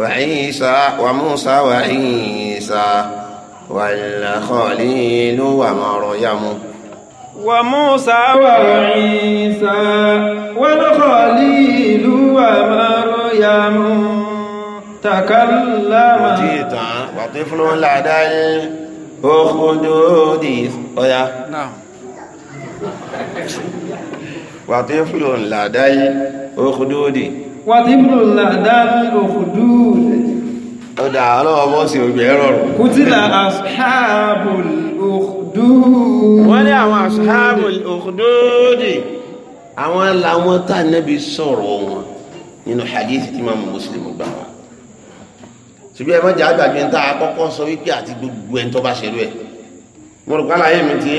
wa Isa wa Musa wa Isa wal Khalilu wa Maryamu. wa Musa wa Isa wal Khalilu wa Maryamu. takallama. wàtí ìtàn wàtí fúnlọ́ńlá dáhìn ó kú dúró di ọ̀ya wàtífùlù làdáyé òkúdúódì wàtífùlù làdáyé òkúdúódì ọ̀dà ọlọ́wọ́ sí ògbẹ̀ rọrùn kútílà ashabul òkúdúódì wọ́n ní àwọn ashabul òkúdúódì àwọn làwọn tá nẹ́bí sọ̀rọ̀ wọn nínú hadith tí máa mú muslim gbà wọn ṣùgbọ́n ẹ má jẹ́ àgbàgbé ń tá àkọ́kọ́ sọ wípé àti gbogbo ẹni tó bá ṣerú ẹ̀ mo rò pálá yé mi ti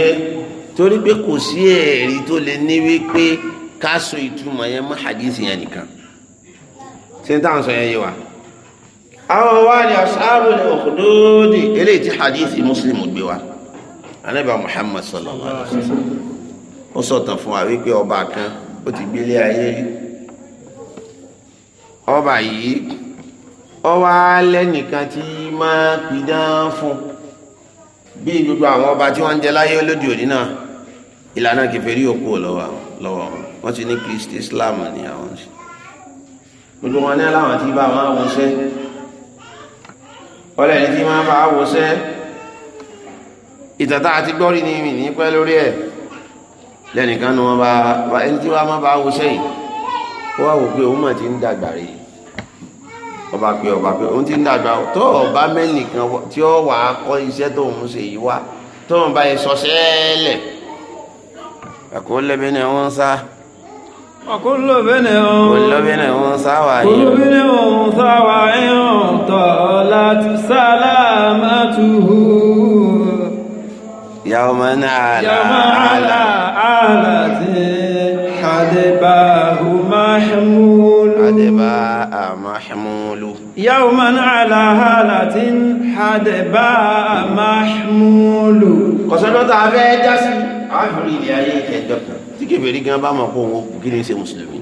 torí pé kò sí ẹ̀rí tó lè ní wípé ká sọ ìtumọ̀ yẹn mọ́ hadith yẹn nìkan ṣé n táwọn sọ yẹn yé wa. àwọn wa ni asáàbù ni òkúdóòdì eléyìí tí hadith muslim gbé wa anábà muhammad sallallahu alayhi wa sallam ó sọ̀tàn fún wa wípé ọba kan ó ti gbélé ayé rí ọba yìí ọba lẹ́nìkan tí máa pidán fún bí gbogbo àwọn ọba tí wọ́n ń jẹ láyé lóde òní náà ìlànà kẹfẹ́rí òkú lọ́wọ́ lọ́wọ́ wọ́n ti ní kristi islam ni àwọn ṣe gbogbo wọn ní aláwọn tí bá wọn wọṣẹ́ ọlẹ́ ní tí máa bá wọṣẹ́ ìtàtà àti gbọ́rí ní ìmì ní pẹ́ lórí ẹ̀ lẹ́nìkan ní wọn bá ẹni tí wọn bá wọṣẹ́ yìí ó wà wò pé òun mà ti ń dàgbà rí ọba pé ọba pé òun ti ń dàgbà tó ọba mẹ́nìkan tí ó wà kọ́ iṣẹ́ tó ń ṣe yìí wá tó ń bá yẹ sọ sẹ́ẹ̀lẹ̀ فكل بن أنثى وكل بن كل بن أنثى وعين كل بن أنثى وعين طالت سلامته يوما على يوما على آلة حدباه محمول حدباء محمول yawman ala halatin hadba mahmulu kọ̀sọ́dọ́ta ba jásí àáfìrí ilẹ̀ ayé ìkẹjọ́kùn tí kèfèrí gan bá mọ̀ kó wọn kù kí ní ṣe mùsùlùmí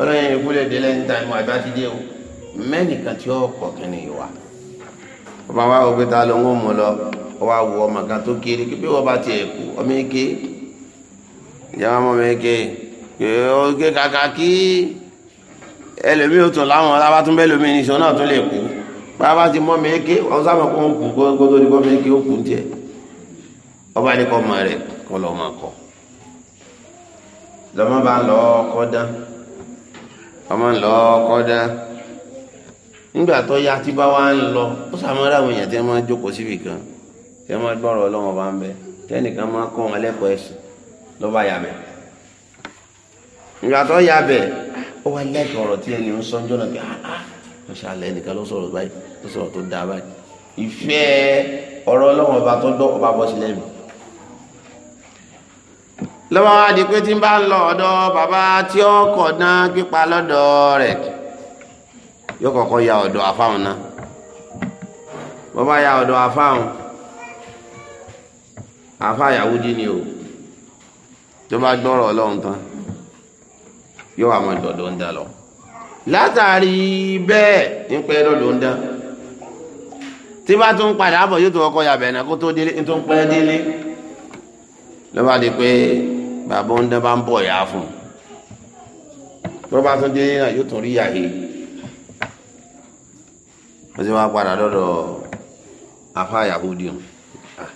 ọlọ́yìn ìkúlẹ̀ délẹ̀ ń ta ìmọ̀ àjọ àti dé o mẹ́nìkan tí ó kọ̀ kí ni ìwà ọba wa wọ ọba wọ ọmọ ẹlòmíì ó tún láwọn ọlábá tún bẹ́ẹ̀ lómi ìṣó náà tún lè kú bàbá ti mọ́ mi ké wọ́n sábà kó ń kú kó tó di kó mi ké ó kú tiẹ̀ ọba ní kọ́ ọmọ rẹ̀ kọ́ lọ́ máa kọ́ lọ́mọ bá ń lọ ọkọ́ dán ọmọ ń lọ ọkọ́ dán nígbà tó ya tí bá wá ń lọ ó sàmọ́ra àwọn èèyàn tí wọ́n máa jókòó síbì kan tí wọ́n máa gbọ́rọ̀ ọlọ́wọ́n bá ń bẹ tẹ́nìkan máa kọ́ wọn lẹ́kọ̀ọ́ ẹ̀sìn lọ́ba ó wá lẹ́kọ̀ọ́ ọ̀rọ̀ tí ẹni ń sọ ọjọ́ náà pé ah, ah mọ̀ṣálẹ̀ ẹnìkan ló sọ̀rọ̀ báyìí ló sọ̀rọ̀ tó dáa báyìí ìfẹ́ ọ̀rọ̀ ọlọ́wọ́n ọba tó dọ́ ọba bọ́ sí lẹ́nu. lọ́wọ́ á di pé tí ń bá ń lọ ọ̀dọ̀ bàbá tí ó kọ̀ dán pípa lọ́dọ̀ rẹ̀ yóò kọ́kọ́ ya ọ̀dọ̀ àfáwọn náà bàbá ya ọ̀dọ̀ àfáwọn àfáyàwó dín ni o tó bá gbọ́rọ̀ ọlọ́run tán yóò wà máa dọ̀dọ̀ ń dá lọ látàrí bẹ́ẹ̀ ń pẹ́ dọ̀dọ̀ ń dá tí bá tún padà bọ̀ yóò tó ọkọ yàbẹ̀ náà kó tó délé tó ń pẹ́ délé ló bá di pé bàbá ń dá bá ń bọ̀ yá fún un tó bá tún délé náà yóò tún rí yàhé ó sì wá padà dọ̀dọ̀ afá yahudi ah,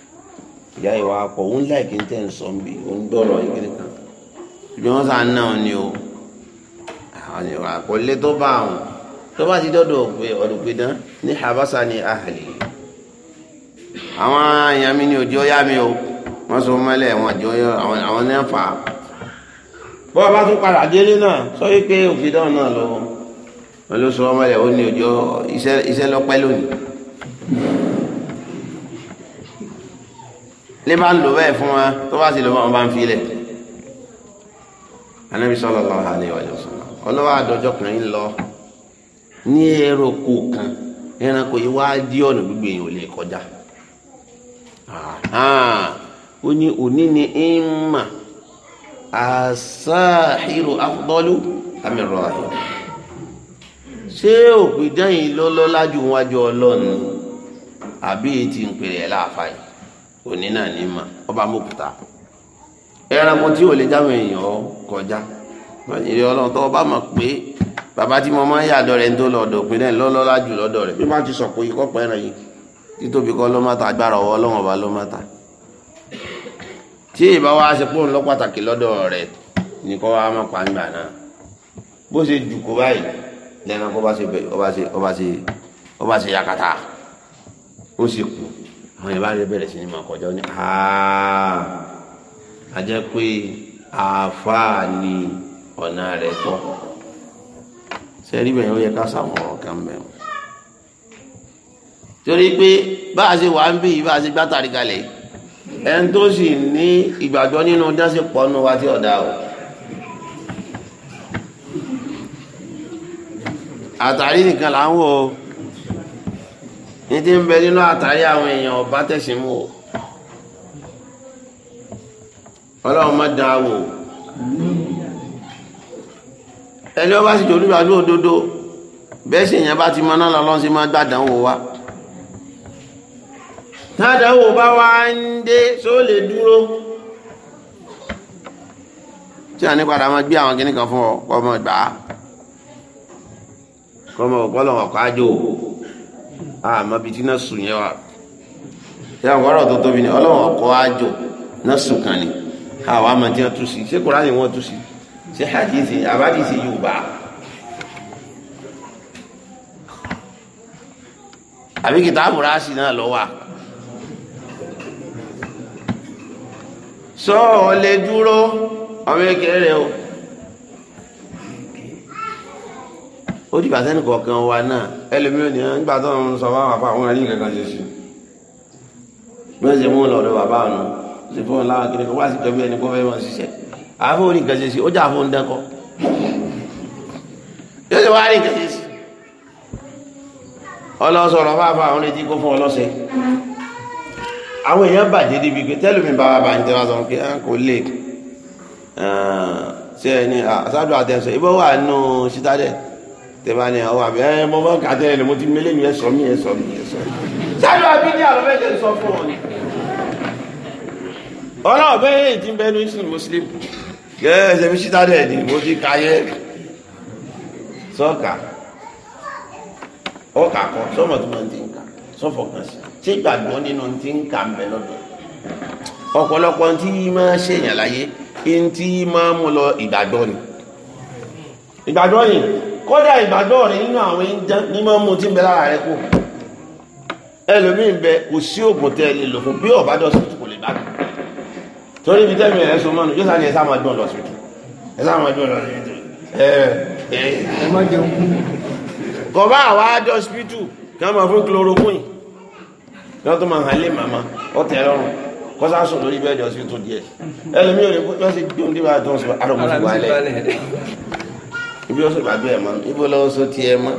ìyá ìwà pọ̀ òun láì kí n tẹ̀ ń sọ bí òun dọ̀rọ̀ yìí kiri kan ìjọba sáà náà ni o àkọlé tó bá àwọn tó bá ti dọ́dọ̀ ọ̀dùnpidán ní habasa ní ahàlì àwọn èèyàn mi ní òjò yá mi o wọ́n so mọ́lẹ̀ wọn àjọ àwọn náà fà á bọ́ bá tún padà délé náà sọ wípé òfidán náà lọ wọn ló so mọ́lẹ̀ ó ní òjò iṣẹ́ lọ́pẹ́ lónìí ní bá ń lò bẹ́ẹ̀ fún wa tó bá sì lò bá ń filẹ̀ anábì sallallahu alaihi wa ọlọ́wọ́ àdọ́jọ́ kan ń lọ ní ẹranko kan ẹranko yìí wá dí ọ̀nà gbogbo èèyàn ò lè kọjá ó ní òní ni ìmà àṣàhírò afdọ́lú amírọ̀ àyọ̀ ṣé òpìdán yìí lọ́lọ́lá jù wájú ọlọ́run àbí ti ń ọba ẹranko tí ò lè jáwé èèyàn kọjá. ìrẹ Ọlọ́run tó bá mọ̀ pé bàbá tí mo máa ń yàdọ rẹ ń tó lọ́dọ̀ òpin náà lọlọlá jù lọ́dọ̀ rẹ bí wọn ti sọ pé ikọ pẹrẹ yìí títóbi kọ ló má ta agbára ọwọ́ Ọlọ́run ọba ló má ta tí ìbá wa ṣe pọ́n lọ pàtàkì lọ́dọ̀ rẹ ní kọ́ wa má pa ń gbà náà bó ṣe jù kó báyìí lẹ́nu kó bá ṣe ọba ṣe ọba ṣe ọba ṣe yakata ó sì kú àwọn ìbá rẹ bẹ̀rẹ̀ sí ni màá kọjọ ní àá àjẹpé àáfàá ni ọ̀nà rẹ̀ tọ́ sẹ́rí bẹ̀yẹ̀ ó yẹ ká sàwọn ọ̀rọ̀ kan mẹ́rin torí pé bá a ṣe wà ń bí bá a ṣe gbá tàrí kalẹ̀ ẹni tó sì ní ìgbàgbọ́ nínú dáṣe pọnú wa tí ọ̀dà o àtàrí nìkan là ń wò ó ní ti ń bẹ nínú àtàrí àwọn èèyàn ọba tẹ̀sí mú o ọlọ́run má dán wò ó ẹni ọba sì jòlú ìgbàgbọ́ òdodo bẹ́ẹ̀ sì èèyàn bá ti mọ náà lọ́lọ́run sí máa gbàdánwò wa tádàwò bá wá ń dé só lè dúró tí a ní padà máa gbé àwọn kìnnìkan fún ọ kọ́ ọmọ ìgbà kọ́ ọmọ ọ̀pọ̀lọ̀ ọ̀kọ́ ájò àmọ́ bí tí náà sùn yẹn wà tí àwọn ọ̀rọ̀ tó tóbi ni ọlọ́wọ̀n ọkọ̀ ájò náà sùn kàn ní àwọn àmọ́ tí wọ́n tú sí ṣé kò ráyè wọ́n tú sí se hadithi àbádìsí yorùbá àbí kìtàbù ráàsì náà lọ wà sọ ọ lè dúró ọmọ ìkẹrẹ o ó dìgbà sẹ́ni kọ̀ọ̀kan wa náà ẹlòmíràn ní nígbà tó ń sọ fáwọn àpá àwọn ẹni kankan ṣe sí bí wọ́n ṣe mú lọ́dọ̀ bàbá ọ̀nà ṣe fún ọ láwọn kiri kan wá sí kẹ́bí àfọ orí nǹkan ṣe sí ó jà àfọ ń dánkọ yóò ṣe wá rí nǹkan ṣe sí ọlọ́sọ̀rọ̀ fáfá àwọn létí kó fún ọlọ́sẹ̀ àwọn èèyàn bàjẹ́ débi pé tẹ́lùmí bá bá ń tẹ́wà sọ pé à ń kò lè ṣe ẹni àṣájú ah, àtẹ̀sọ̀ ibọ́ wà nù sítádẹ̀ tẹ́bà ni àwọn àbí ẹ mọ́ mọ́ kàtẹ́ ẹni mo ti mélé mi ẹ̀sọ́ mi ẹ̀sọ́ mi ẹ̀sọ́ mi ṣáájú àbí ní àlọ́ mẹ́jẹ sọ fún ọ ni ọlọ́ọ̀bẹ́ èyí ti ń bẹnu ìsìn mùsùlùmí yẹ ṣe mi ṣíta dẹ̀ ni mo ti ka yẹ sọ́ọ̀kà ọkà kọ sọ́mọ̀ tó máa ń ti ń kà sọ́fọ̀ kan sí tí gbàgbọ́ nínú ti ń kà ń bẹ lọ́dọ̀ ọ̀pọ̀lọpọ̀ tí máa ṣèyàn láyé ń tí máa mú lọ ìgbàgbọ́ ni ìgbàgbọ́ yìí kódà ìgbàgbọ́ rẹ̀ nínú àwọn ìjẹ́ ní máa mú tí ń bẹ lára rẹ kù ẹlòmíì bẹ kò sí oògùn tẹ́ ẹ lè lò fún bí ọ̀bádọ́sì kò lè gbàgbọ́ torí ibi tẹ́mi ẹ̀ sọ mọ́nu yóò sáré ẹ̀ sá máa gbọ́n lọ sí ìtù ẹ̀ sá máa gbọ́n lọ sí ìtù ẹ̀ ẹ̀ má jẹun. kọ̀bá àwa àjọ sípítù kí wọ́n máa fún chloroquine kí wọ́n tó máa hàn lé màmá ọ̀tẹ̀ lọ́rùn kọ́ sá sùn lórí bẹ́ẹ̀ jọ́sí tó díẹ̀ ẹlòmíì ò lè kó yọ́sí gbé ohun tí wàá tó ń sọ àròmọ́ sí wàá lẹ̀ ibi ọ̀sọ̀ ìgbàgbé ẹ̀ mọ́ ibo lọ́wọ́ sọ ti ẹ̀ mọ́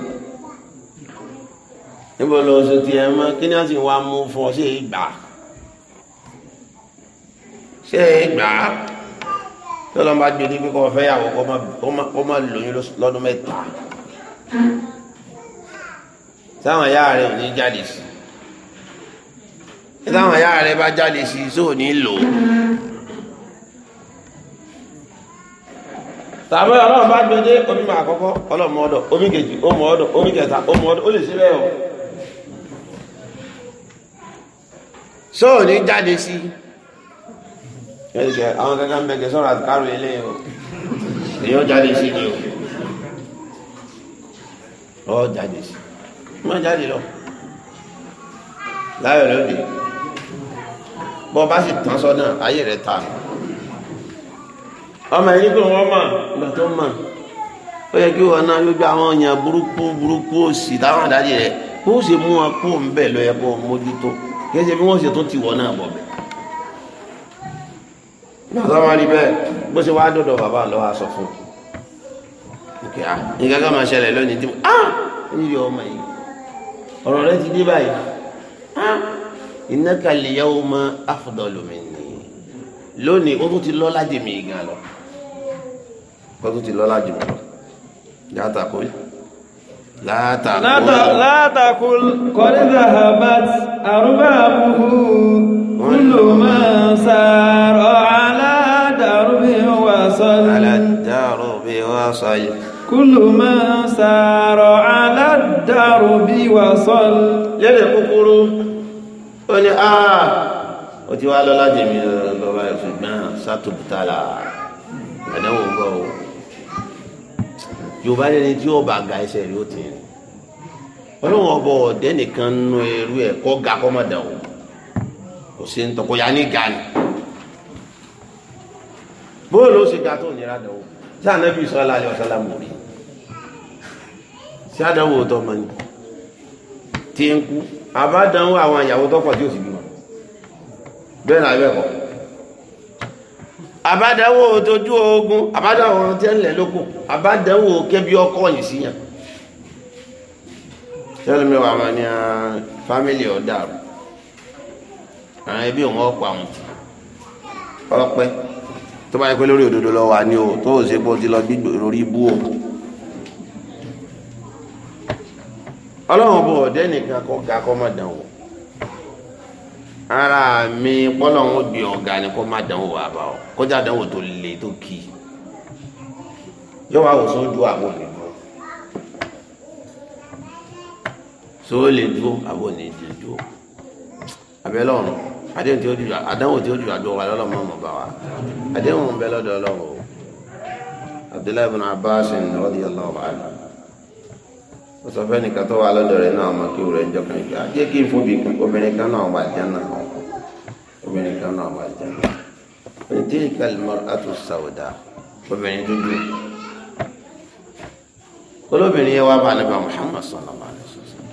ibo lọ́wọ́ sọ ti ẹ̀ mọ́ kí ni wọ́n ti wá mú fún ọ sí ìgbà ṣé ẹ gbà á tí ọlọ́run bá gbé ní e pé kọ́ fẹ́ yàwó kọ́ má lóyún lọ́dún mẹ́ta táwọn ẹ̀yà rẹ̀ ò ní jáde sí i táwọn ẹ̀yà rẹ̀ bá jáde sí i tó ò ní lò ó. tàbí ọlọ́run bá gbé e dé omi mà àkọ́kọ́ ọlọ́run mọ́ ọ̀dọ̀ omi kejì ó mọ́ ọ̀dọ̀ omi kẹta ó mọ́ ọ̀dọ̀ ó lè ṣe bẹ́ẹ̀ o. sóò ní jáde sí i ẹ̀kẹ́ àwọn kankan bẹ̀kẹ́ sọ̀rọ̀ que ilé o èyí ó jáde sí ni o ọ jáde sí má jáde lọ láyọ̀ lóde bọ́ bá sì tán sọ́nà ayé rẹ̀ ta ọmọ ẹni pé wọ́n mọ̀ ìgbà tó mọ̀ o yẹ kí wọn náà gbogbo àwọn èèyàn burúkú burúkú òsì táwọn àdájì rẹ̀ bó ṣe mú wọn kú ń bẹ̀ lọ yẹ kó mójútó kí ẹ ṣe bí wọ́n ṣe tún ti wọ́n náà bọ̀ bẹ́ẹ̀ lọ́wọ́ rí bẹ́ẹ̀ bó ṣe wá dọ̀dọ̀ bàbá lọ́wọ́ aṣọ fún un nǹkan kan ah níbi ọmọ yìí ah innaka al-yawma afdalu minni lónìí ó tún ti lọ́ lájẹ̀ mi gan lọ ó tún ti lọ́ lájẹ̀ mi lọ yàtà kó látàkùl àbúhù ń lò máa ń وصل على الدرب وصل كل من سار على الدرب وصل lẹ́lẹ̀ kúkúrú ó ní a ó ti wá lọ́lá jẹ̀mí lọ́wọ́ ẹ̀ ṣùgbọ́n sátòbútàlà ẹ̀dẹ́wò gbọ́ o yorùbá lẹ́ni tí ọba ga ẹsẹ̀ rí ó ti rìn ọlọ́run ọbọ̀ ọ̀dẹ́ nìkan nú ẹrú ẹ̀ kọ́ ga kọ́ mọ̀ dàn o kò sí ń tọkọ ya ní ga ni bóòlù ó ṣe ga tó nira dánwò sí ànábì sallallahu alaihi wasallam rí sí àdánwò tó mọ ni tí ń kú àbádánwò àwọn ìyàwó tó pọ̀ tí ò sì bímọ bẹ́ẹ̀ náà bẹ́ẹ̀ kọ́ àbádánwò tójú ogun àbádánwò tẹ́lẹ̀ lóko àbádánwò kébí ọkọ yìí síyàn tẹ́lẹ̀ mi wà máa ní fámìlì ọ̀dà àwọn ẹbí òun ọ̀pọ̀ àwọn ọpẹ́ tó bá yẹ pé lórí òdodo lọ wà ní o tó o ṣe pé o ti lọ bí lórí bú o. ọlọ́run bò ọ̀dẹ́ nìkan kọ́ ga kọ́ má dàn wò ara mi pọ́lọ́run gbé ọ̀gá ni kọ́ má dàn wò wà bá ọ kọjá dàn wò tó le tó kì í yóò wá wò sójú àbò mi lọ sóò lè dúró àbò ní ìdí dúró abẹ́lọ́run àdéhùn tí ó dìjọ àdéhùn tí ó dìjọ àjọ wà lọ́lọ́mọ ọmọ bá wa àdéhùn ń bẹ lọ́dọ̀ ọlọ́wọ́ Abdullahi ibn Abbas radiyallahu anhu ó sọ fẹ́ nìkan tó wà lọ́dọ̀ rẹ̀ náà ọmọ kí ó rẹ̀ ń jọkàn ìgbà jẹ́ kí n fóbi obìnrin kan náà wà jẹ́ náà obìnrin kan náà wà jẹ́ náà tí kalimọ̀ àtúnṣàwọ̀dà obìnrin dúdú olóbìnrin yẹn wá bá Ànábì Muhammad sallallahu alaihi wasallam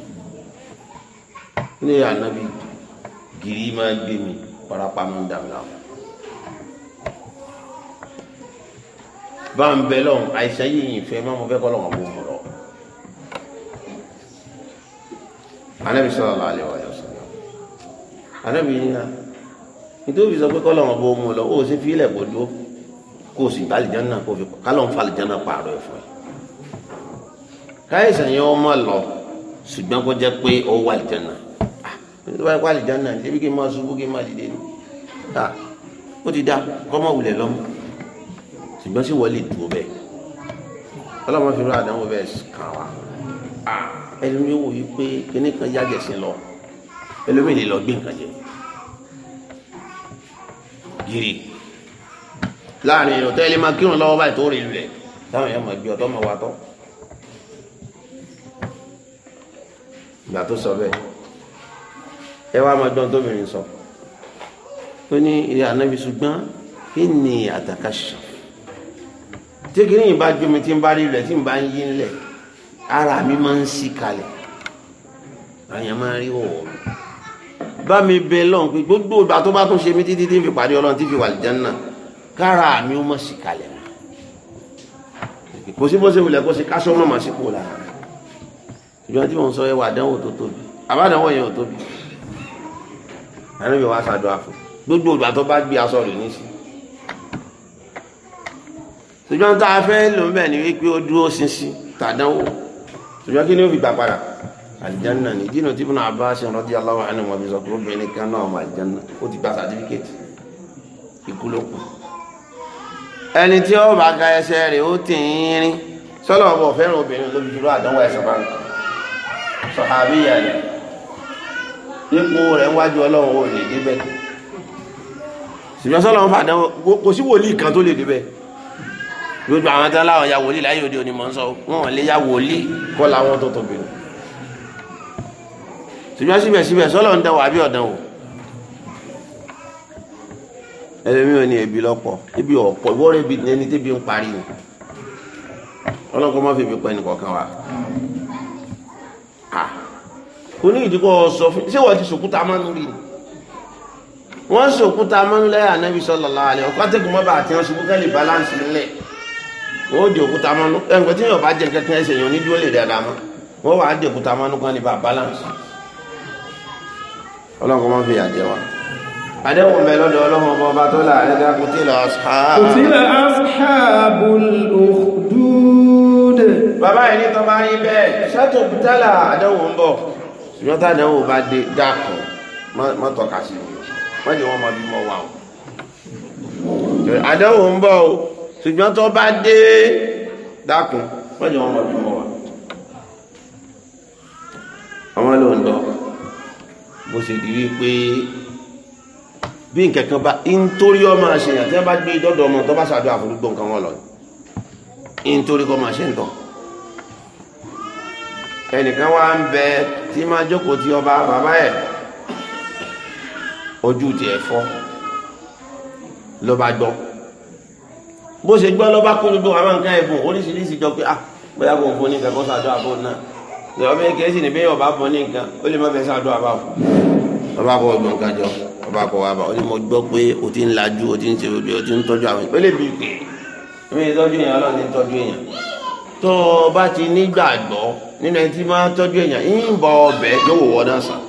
ní Ànábì dúdú gírí máa gbé mi parapa mi ń dà mí láwọn. bá ń bẹ lọ́hùn àìsàn yìí ìfẹ́ máa mo fẹ́ kọ́ lọ́wọ́ bó mu lọ. anabi sallallahu alaihi wasallam anabi yìí náà ah, nítorí sọ pé kọ́lọ́wọ́ bó mu lọ ó sì fi ilẹ̀ bó dúró kó o sì gba àlìjáná kó o fi kálọ̀ ń fa àlìjáná pààrọ̀ ẹ̀ fún ẹ. yẹn wọ́n máa lọ ṣùgbọ́n kó jẹ́ pé ó wà àlìjáná tó bá wà lìjà náà ṣé bí kí n máa ṣubú kí n máa dìde ni ta ó ti dá kọ́mọ wulẹ̀ lọ́mọ ṣùgbọ́n sí wọlé dùn bẹ́ẹ̀ ọlọ́mọ fi rú àdánwò bẹ́ẹ̀ kàn wá ẹlòmíì wò yí pé kíní kan yá jẹ̀sìn lọ ẹlòmíì lè lọ gbé nǹkan jẹ gírì láàrin ìrìn òtẹ́ẹ̀lì máa kírun lọ́wọ́ báyìí tó rí lulẹ̀ táwọn èèyàn máa gbé ọtọ́ máa wà tọ́ ìgbà tó sọ bẹ́ẹ̀ ẹ wá máa gbọ́n tóbìnrin sọ ó ní ilé ànábi ṣùgbọ́n kí ni àtàkàṣà tí kìíní yìí bá jómi tí ń bá rí ilẹ̀ tí ń bá ń yí ńlẹ̀ ara mi máa ń sí kalẹ̀ àyàn máa rí wọ̀wọ̀ mi bá mi bẹ lọ́n pé gbogbo ìgbà tó bá tún ṣe mí títí tí ń fi pàdé ọlọ́run tí ń fi wà lìjánná kára mi ó máa sí kalẹ̀ kò sí bó ṣe wulẹ̀ kó ṣe káṣọ́ mọ̀ máa sí kó lára ìjọba tí mo ń sọ ẹwà àdánwò tó tóbi àbádánwò yẹn ò tóbi ànábì wa ṣàdúrà fún gbogbo ìgbà tó bá gbé aṣọ rẹ̀ níṣì ṣùgbọ́n tá a fẹ́ lò ń bẹ̀ ni wípé ó dúró ṣinṣin tàdánwò ṣùgbọ́n kí ni ó fi gbà padà àlìjánná ni dínà tí Ibn Abbas radiyallahu anhu wọn fi sọ pé obìnrin kan náà ọmọ àlìjánná ó ti gba sàtífíkẹ́tì ikú ló kù ẹni tí ó bá ga ẹsẹ̀ rẹ̀ ó tì í rin sọ́lọ́ ọmọ ọ̀fẹ́ràn obìnrin lóbi jùlọ àdánwò ẹ̀sán bá ń kọ́ sọ̀hábíyà ni ipò rẹ̀ wájú ọlọ́run ò lè débẹ̀ ṣùgbọ́n sọ́lọ́run fàdán kò sí wòlíì kan tó lè débẹ̀ gbogbo àwọn tán láwọn ya wòlíì láyé òde òní mọ̀ ń sọ wọn lè ya wòlíì kọ́ làwọn tó tóbi nù ṣùgbọ́n síbẹ̀síbẹ̀ sọ́lọ́run dán wò àbí ọ̀dán wò ẹlẹ́mi ò ní ebi lọ́pọ̀ ebi ọ̀pọ̀ ìwọ́rẹ́ ẹni tẹ́bi ń parí ni ọlọ́kọ́ má fi ebi pẹ́ nìkọ̀ọ̀kan wa kò ní ìdíkọ́ sọ fún ṣé wọ́n ti sòkúta mọ́nú rí ni wọ́n sòkúta mọ́nú lẹ́yìn ànábì sallallahu alaihi ọ̀pá tẹ́kùn mọ́bà àti wọn ṣubú kẹ́lì balance nílẹ̀ wọ́n di òkúta mọ́nú ẹnìkan tí yóò bá jẹ kẹ́kẹ́ ẹsẹ̀ yóò ní dúró lè dáadáa mọ́ wọ́n wàá di òkúta mọ́nú kan ní bá balance ọlọ́run kan máa fi àjẹ wa àdéhùn bẹ lọ́dọ̀ ọlọ́run ọba ọba tó láàrin dá kutila ashab kutila ashabul ukhdud bàbá yìí ní tọ́ bá rí bẹ́ẹ̀ ṣètò kútẹ́là àdéhùn ń bọ̀ ṣùgbọ́n tàdánwò bá dé dákùn mọ́tọ̀ka sí i wọ́n jẹ́ wọ́n mọ bí mọ́ wà o àdánwò ń bọ̀ o ṣùgbọ́n tó bá dé dákùn wọ́n jẹ́ wọ́n mọ bí mọ́ wà ọmọ ló ń lọ bó ṣe di wípé bí nǹkan kan bá nítorí ọmọ àṣeyàn tí wọ́n bá gbé dọ́dọ̀ ọmọ tó bá ṣàdúrà fún gbogbo nǹkan wọn lọ nítorí kọ́ máa ṣe ń tàn ẹnìkan wá ń bẹ tí máa jókòó ti ọba bàbá ẹ̀ ojú tiẹ̀ fọ́ ló bá gbọ́ bó ṣe gbọ́ ló bá kó gbogbo àwọn nǹkan ẹ̀bùn oríṣiríṣi jọ pé ah bóyá kò fún ní nǹkan kó ṣàdó àbò náà ìyàwó bẹ́ẹ̀ kí ẹ sì ní bẹ́ẹ̀ ọba bọ̀ ní nǹkan ó lè má fẹ́ ṣàdó àbá fún ọba kọ ọgbọ̀n kan jọ ọba kọ wa bá ó ní mo gbọ́ pé o ti ń lajú o ti ń ṣe o ti ń tọ́jú àwọn ìpínlẹ̀ bíi pé ìpínlẹ̀ tọ́jú èèyàn ọlọ́run ti ń tọ́jú èèyàn tó o ti nígbàgbọ́ nínú ẹni tí máa tọ́jú èèyàn ń ọbẹ̀ yóò wọ́ náà sàn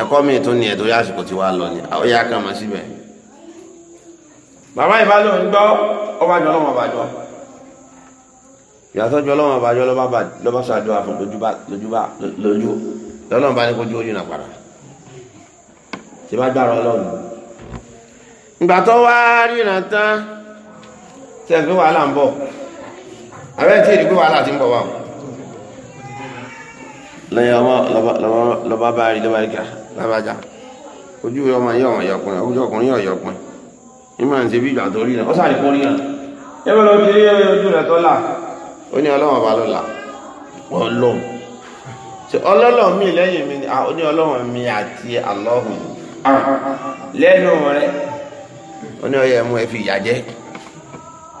ẹ̀kọ́ mi tún ní ẹ̀tọ́ yásìkò tí wàá lọ ni àwọn yà kàn máa síbẹ̀. bàbá ìbálò ọba lọ́wọ́ lójú ojú náà padà tí abẹ́ tí èdè pé wàhálà ti ń bọ̀ wá o lẹ́yìn ọmọ lọ́ba bá rí lọ́ba ríkà lábájá ojú ọmọ yẹ ọmọ yọkùnrin ojú ọkùnrin yọ yọkùnrin ní máa ń ṣe bí ìgbà tó rí náà ó sàrí kó rí náà ẹgbẹ́ lọ ti rí ojú rẹ̀ tó là ó ní ọlọ́wọ̀n bá ló là ọlọ́run ọlọ́lọ́ mi lẹ́yìn mi ni ó ní ọlọ́run mi àti àlọ́hùn *laughs* lẹ́nu rẹ̀ ó ní ọyẹ mú ẹ fi ìyà jẹ́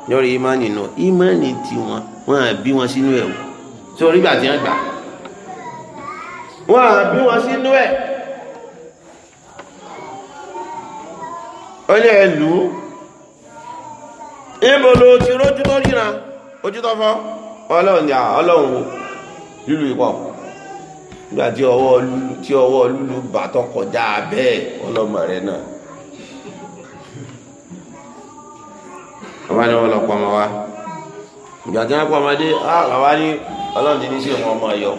yọrí ìmánì náà ìmánì tiwọn wọn à bí wọn sínú ẹ̀ o sórí ìgbà tí wọn gbà wọn à bí wọn sínú ẹ̀ ọlẹ́ ẹ lù ú níbo ló ti rójú tó ríran ojú tó fọ́ ọlọ́run ni ọlọ́run lílu ìpọ̀ nígbà tí ọwọ́ lulu bàtọ́ kọjá bẹ́ẹ̀ ọlọ́mọ rẹ náà àwọn ni wọ́n lọ pọ̀ ọmọ wa ìgbà tí wọ́n pọ̀ ọmọdé àwa ní ọlọ́run ti ní sí ọmọ ọmọ ọyọ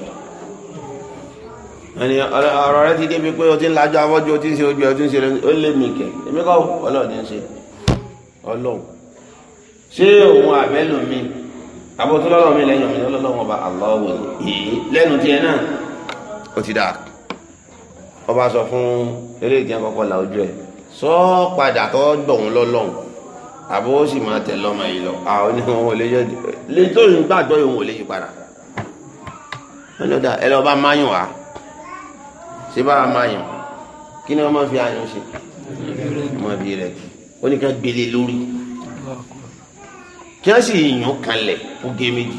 ẹni ọ̀rọ̀ rẹ ti débi pé o ti ń lajú afọ́jú o ti ń ṣe ojú ẹ o ti ń ṣe ó lé mi kẹ èmi kọ́ ọlọ́run ti ń ṣe ọlọ́run ṣé òun àbẹ́lò mi àbótú lọ́lọ́ mi lẹ́yìn omi lọ́lọ́wọ́ ọba aláwọ̀ yìí lẹ́nu tiẹ̀ náà ó ti dáa ọba sọ fún eré ìjẹun kọ́kọ́ la ojú ẹ̀ sọ padà tó gbọ̀hún lọ́lọ́hún àbí wọ́n sì máa tẹ̀lé ọmọ yìí lọ àwọn ni wọn ò lè yọ lè tó ń gbàgbọ́ yìí wọn lè yí padà wọn lọ da ẹ lọ bá máyùn wá ṣé bá a máyùn kí ni wọn máa fi àyàn ṣe ọmọ bí rẹ ó ní ká gbélé lórí kí wọn sì yàn kanlẹ̀ kó gé méjì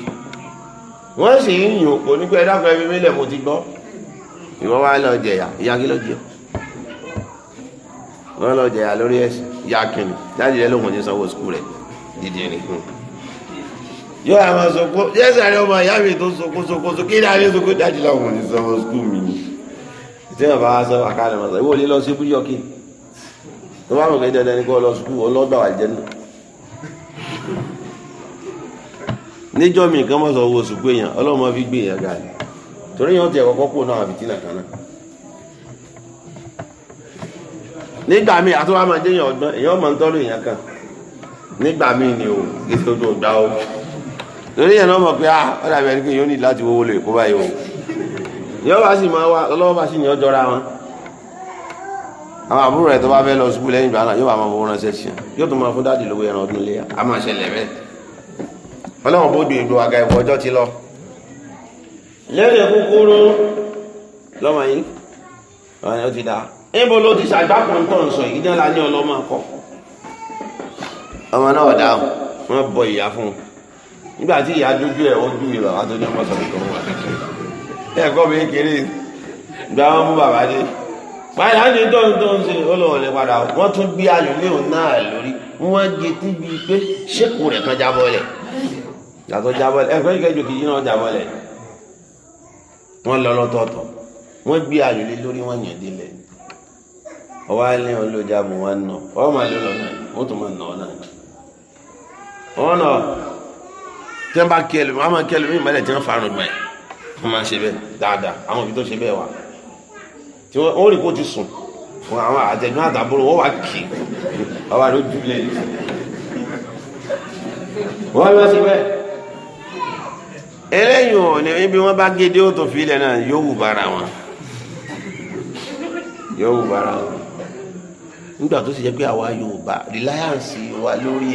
wọn sì yàn kó nípa ẹ̀dá kan ẹbí mílẹ̀ mo ti gbọ́ ìwọ wa lọ jẹyà ìyá kí ló jẹ wọn lọ jẹyà lórí ẹsẹ̀. ya kìnnì dáàdì rẹ lóhùn ní sanwó sukù rẹ dídì rìn kún. yóò àmà sọkó yẹsẹ àrẹ ọmọ ìyá mi tó sọkó sọkó sọkó kí ni àrẹ sọkó dáàdì lóhùn ní sanwó sukù mi ni. ìtẹ́wọ̀n bá wá sọ àkàlẹ̀ mọ̀ sọ ìwọ lè lọ sí búyọ̀kì tó bá mọ̀ kẹ́ dandan ni kó lọ ọlọ́gbà wà jẹ́ nù. níjọ́ mi mọ̀ sọ owó ọlọ́mọ fi gbé ga torí yẹn ti ẹ̀kọ́ kó náà nígbà míì àtúwà máa jẹ́ èèyàn ọgbọ́n èèyàn máa ń tọ́lú èèyàn kan nígbà míì ni o èso tó gbà o torí yẹn náà mọ̀ pé ah ó dàbí ẹni pé yóò ní láti wọ́wọ́ lè kó báyìí o yóò bá sì máa wá lọ́wọ́ bá sì ní ọjọ́ra wọn àwọn àbúrò rẹ̀ tó bá fẹ́ lọ sùkúl lẹ́yìn ìgbà náà yóò bá máa fowó ránṣẹ́ sí yóò tún máa fún dáàdì lówó ẹran ọdún léyà á máa ṣẹlẹ̀ bẹ́ẹ̀ ọlọ́run bó dùn ìgbò àga ìwọ ọjọ́ ti lọ. lẹ́yìn kúkúrú lọ́mọ yìí ọ̀hún ti dáa níbo ló ti ṣàgbákan tó ń sọ yìí dán la ní ọlọ́mọ akọ. ọmọ náà dáhùn wọn bọ ìyá fún un nígbà tí ìyá dójú ẹ ó ju ìbàbá tó ní ọmọ sọ̀rọ̀ tó ń wà. ẹ̀kọ́ mi kéré gba wọn mú bàbá dé padà ní tóun tó ń ṣe olóòlè padà wọn tún gbé ayò ní òun náà lórí wọn gé tíbi pé ṣékù rẹ kan jábọ́ lẹ yàtọ̀ jábọ́ lẹ ẹ̀kọ́ ìkẹjọ kìí náà jábọ́ lẹ wọn lọ lọ́tọ̀ọ̀tọ̀ wọn gbé ayò lé lórí wọn yàn délẹ ọwọ́ ní olójàmù wọn nà wọ́n máa lè lọ náà wọ́n tún máa nà ọ́ náà wọ́n nà tí wọ́n bá kí ẹlòmí wọ́n máa kí ẹlòmí ìmọ̀lẹ̀ tí wọ́n farun gbọ́n ẹ̀ wọ́n máa ṣe bẹ́ẹ̀ dáadáa àwọn òbí tó ṣe bẹ́ẹ̀ wà tí wọ́n rí kó ti sùn fún àwọn àtẹ̀gbọ́n àtàbúrò wọ́n wá kì wọ́n wá lójú lẹ̀ wọ́n máa ṣe bẹ́ẹ̀ eléyìí ò ní ibi wọ́n bá gédé ó tó fi ilẹ̀ náà yóò wù bára wọn yóò wù bára wọn nígbà tó sì jẹ́ pé àwa Yorùbá reliance wa lórí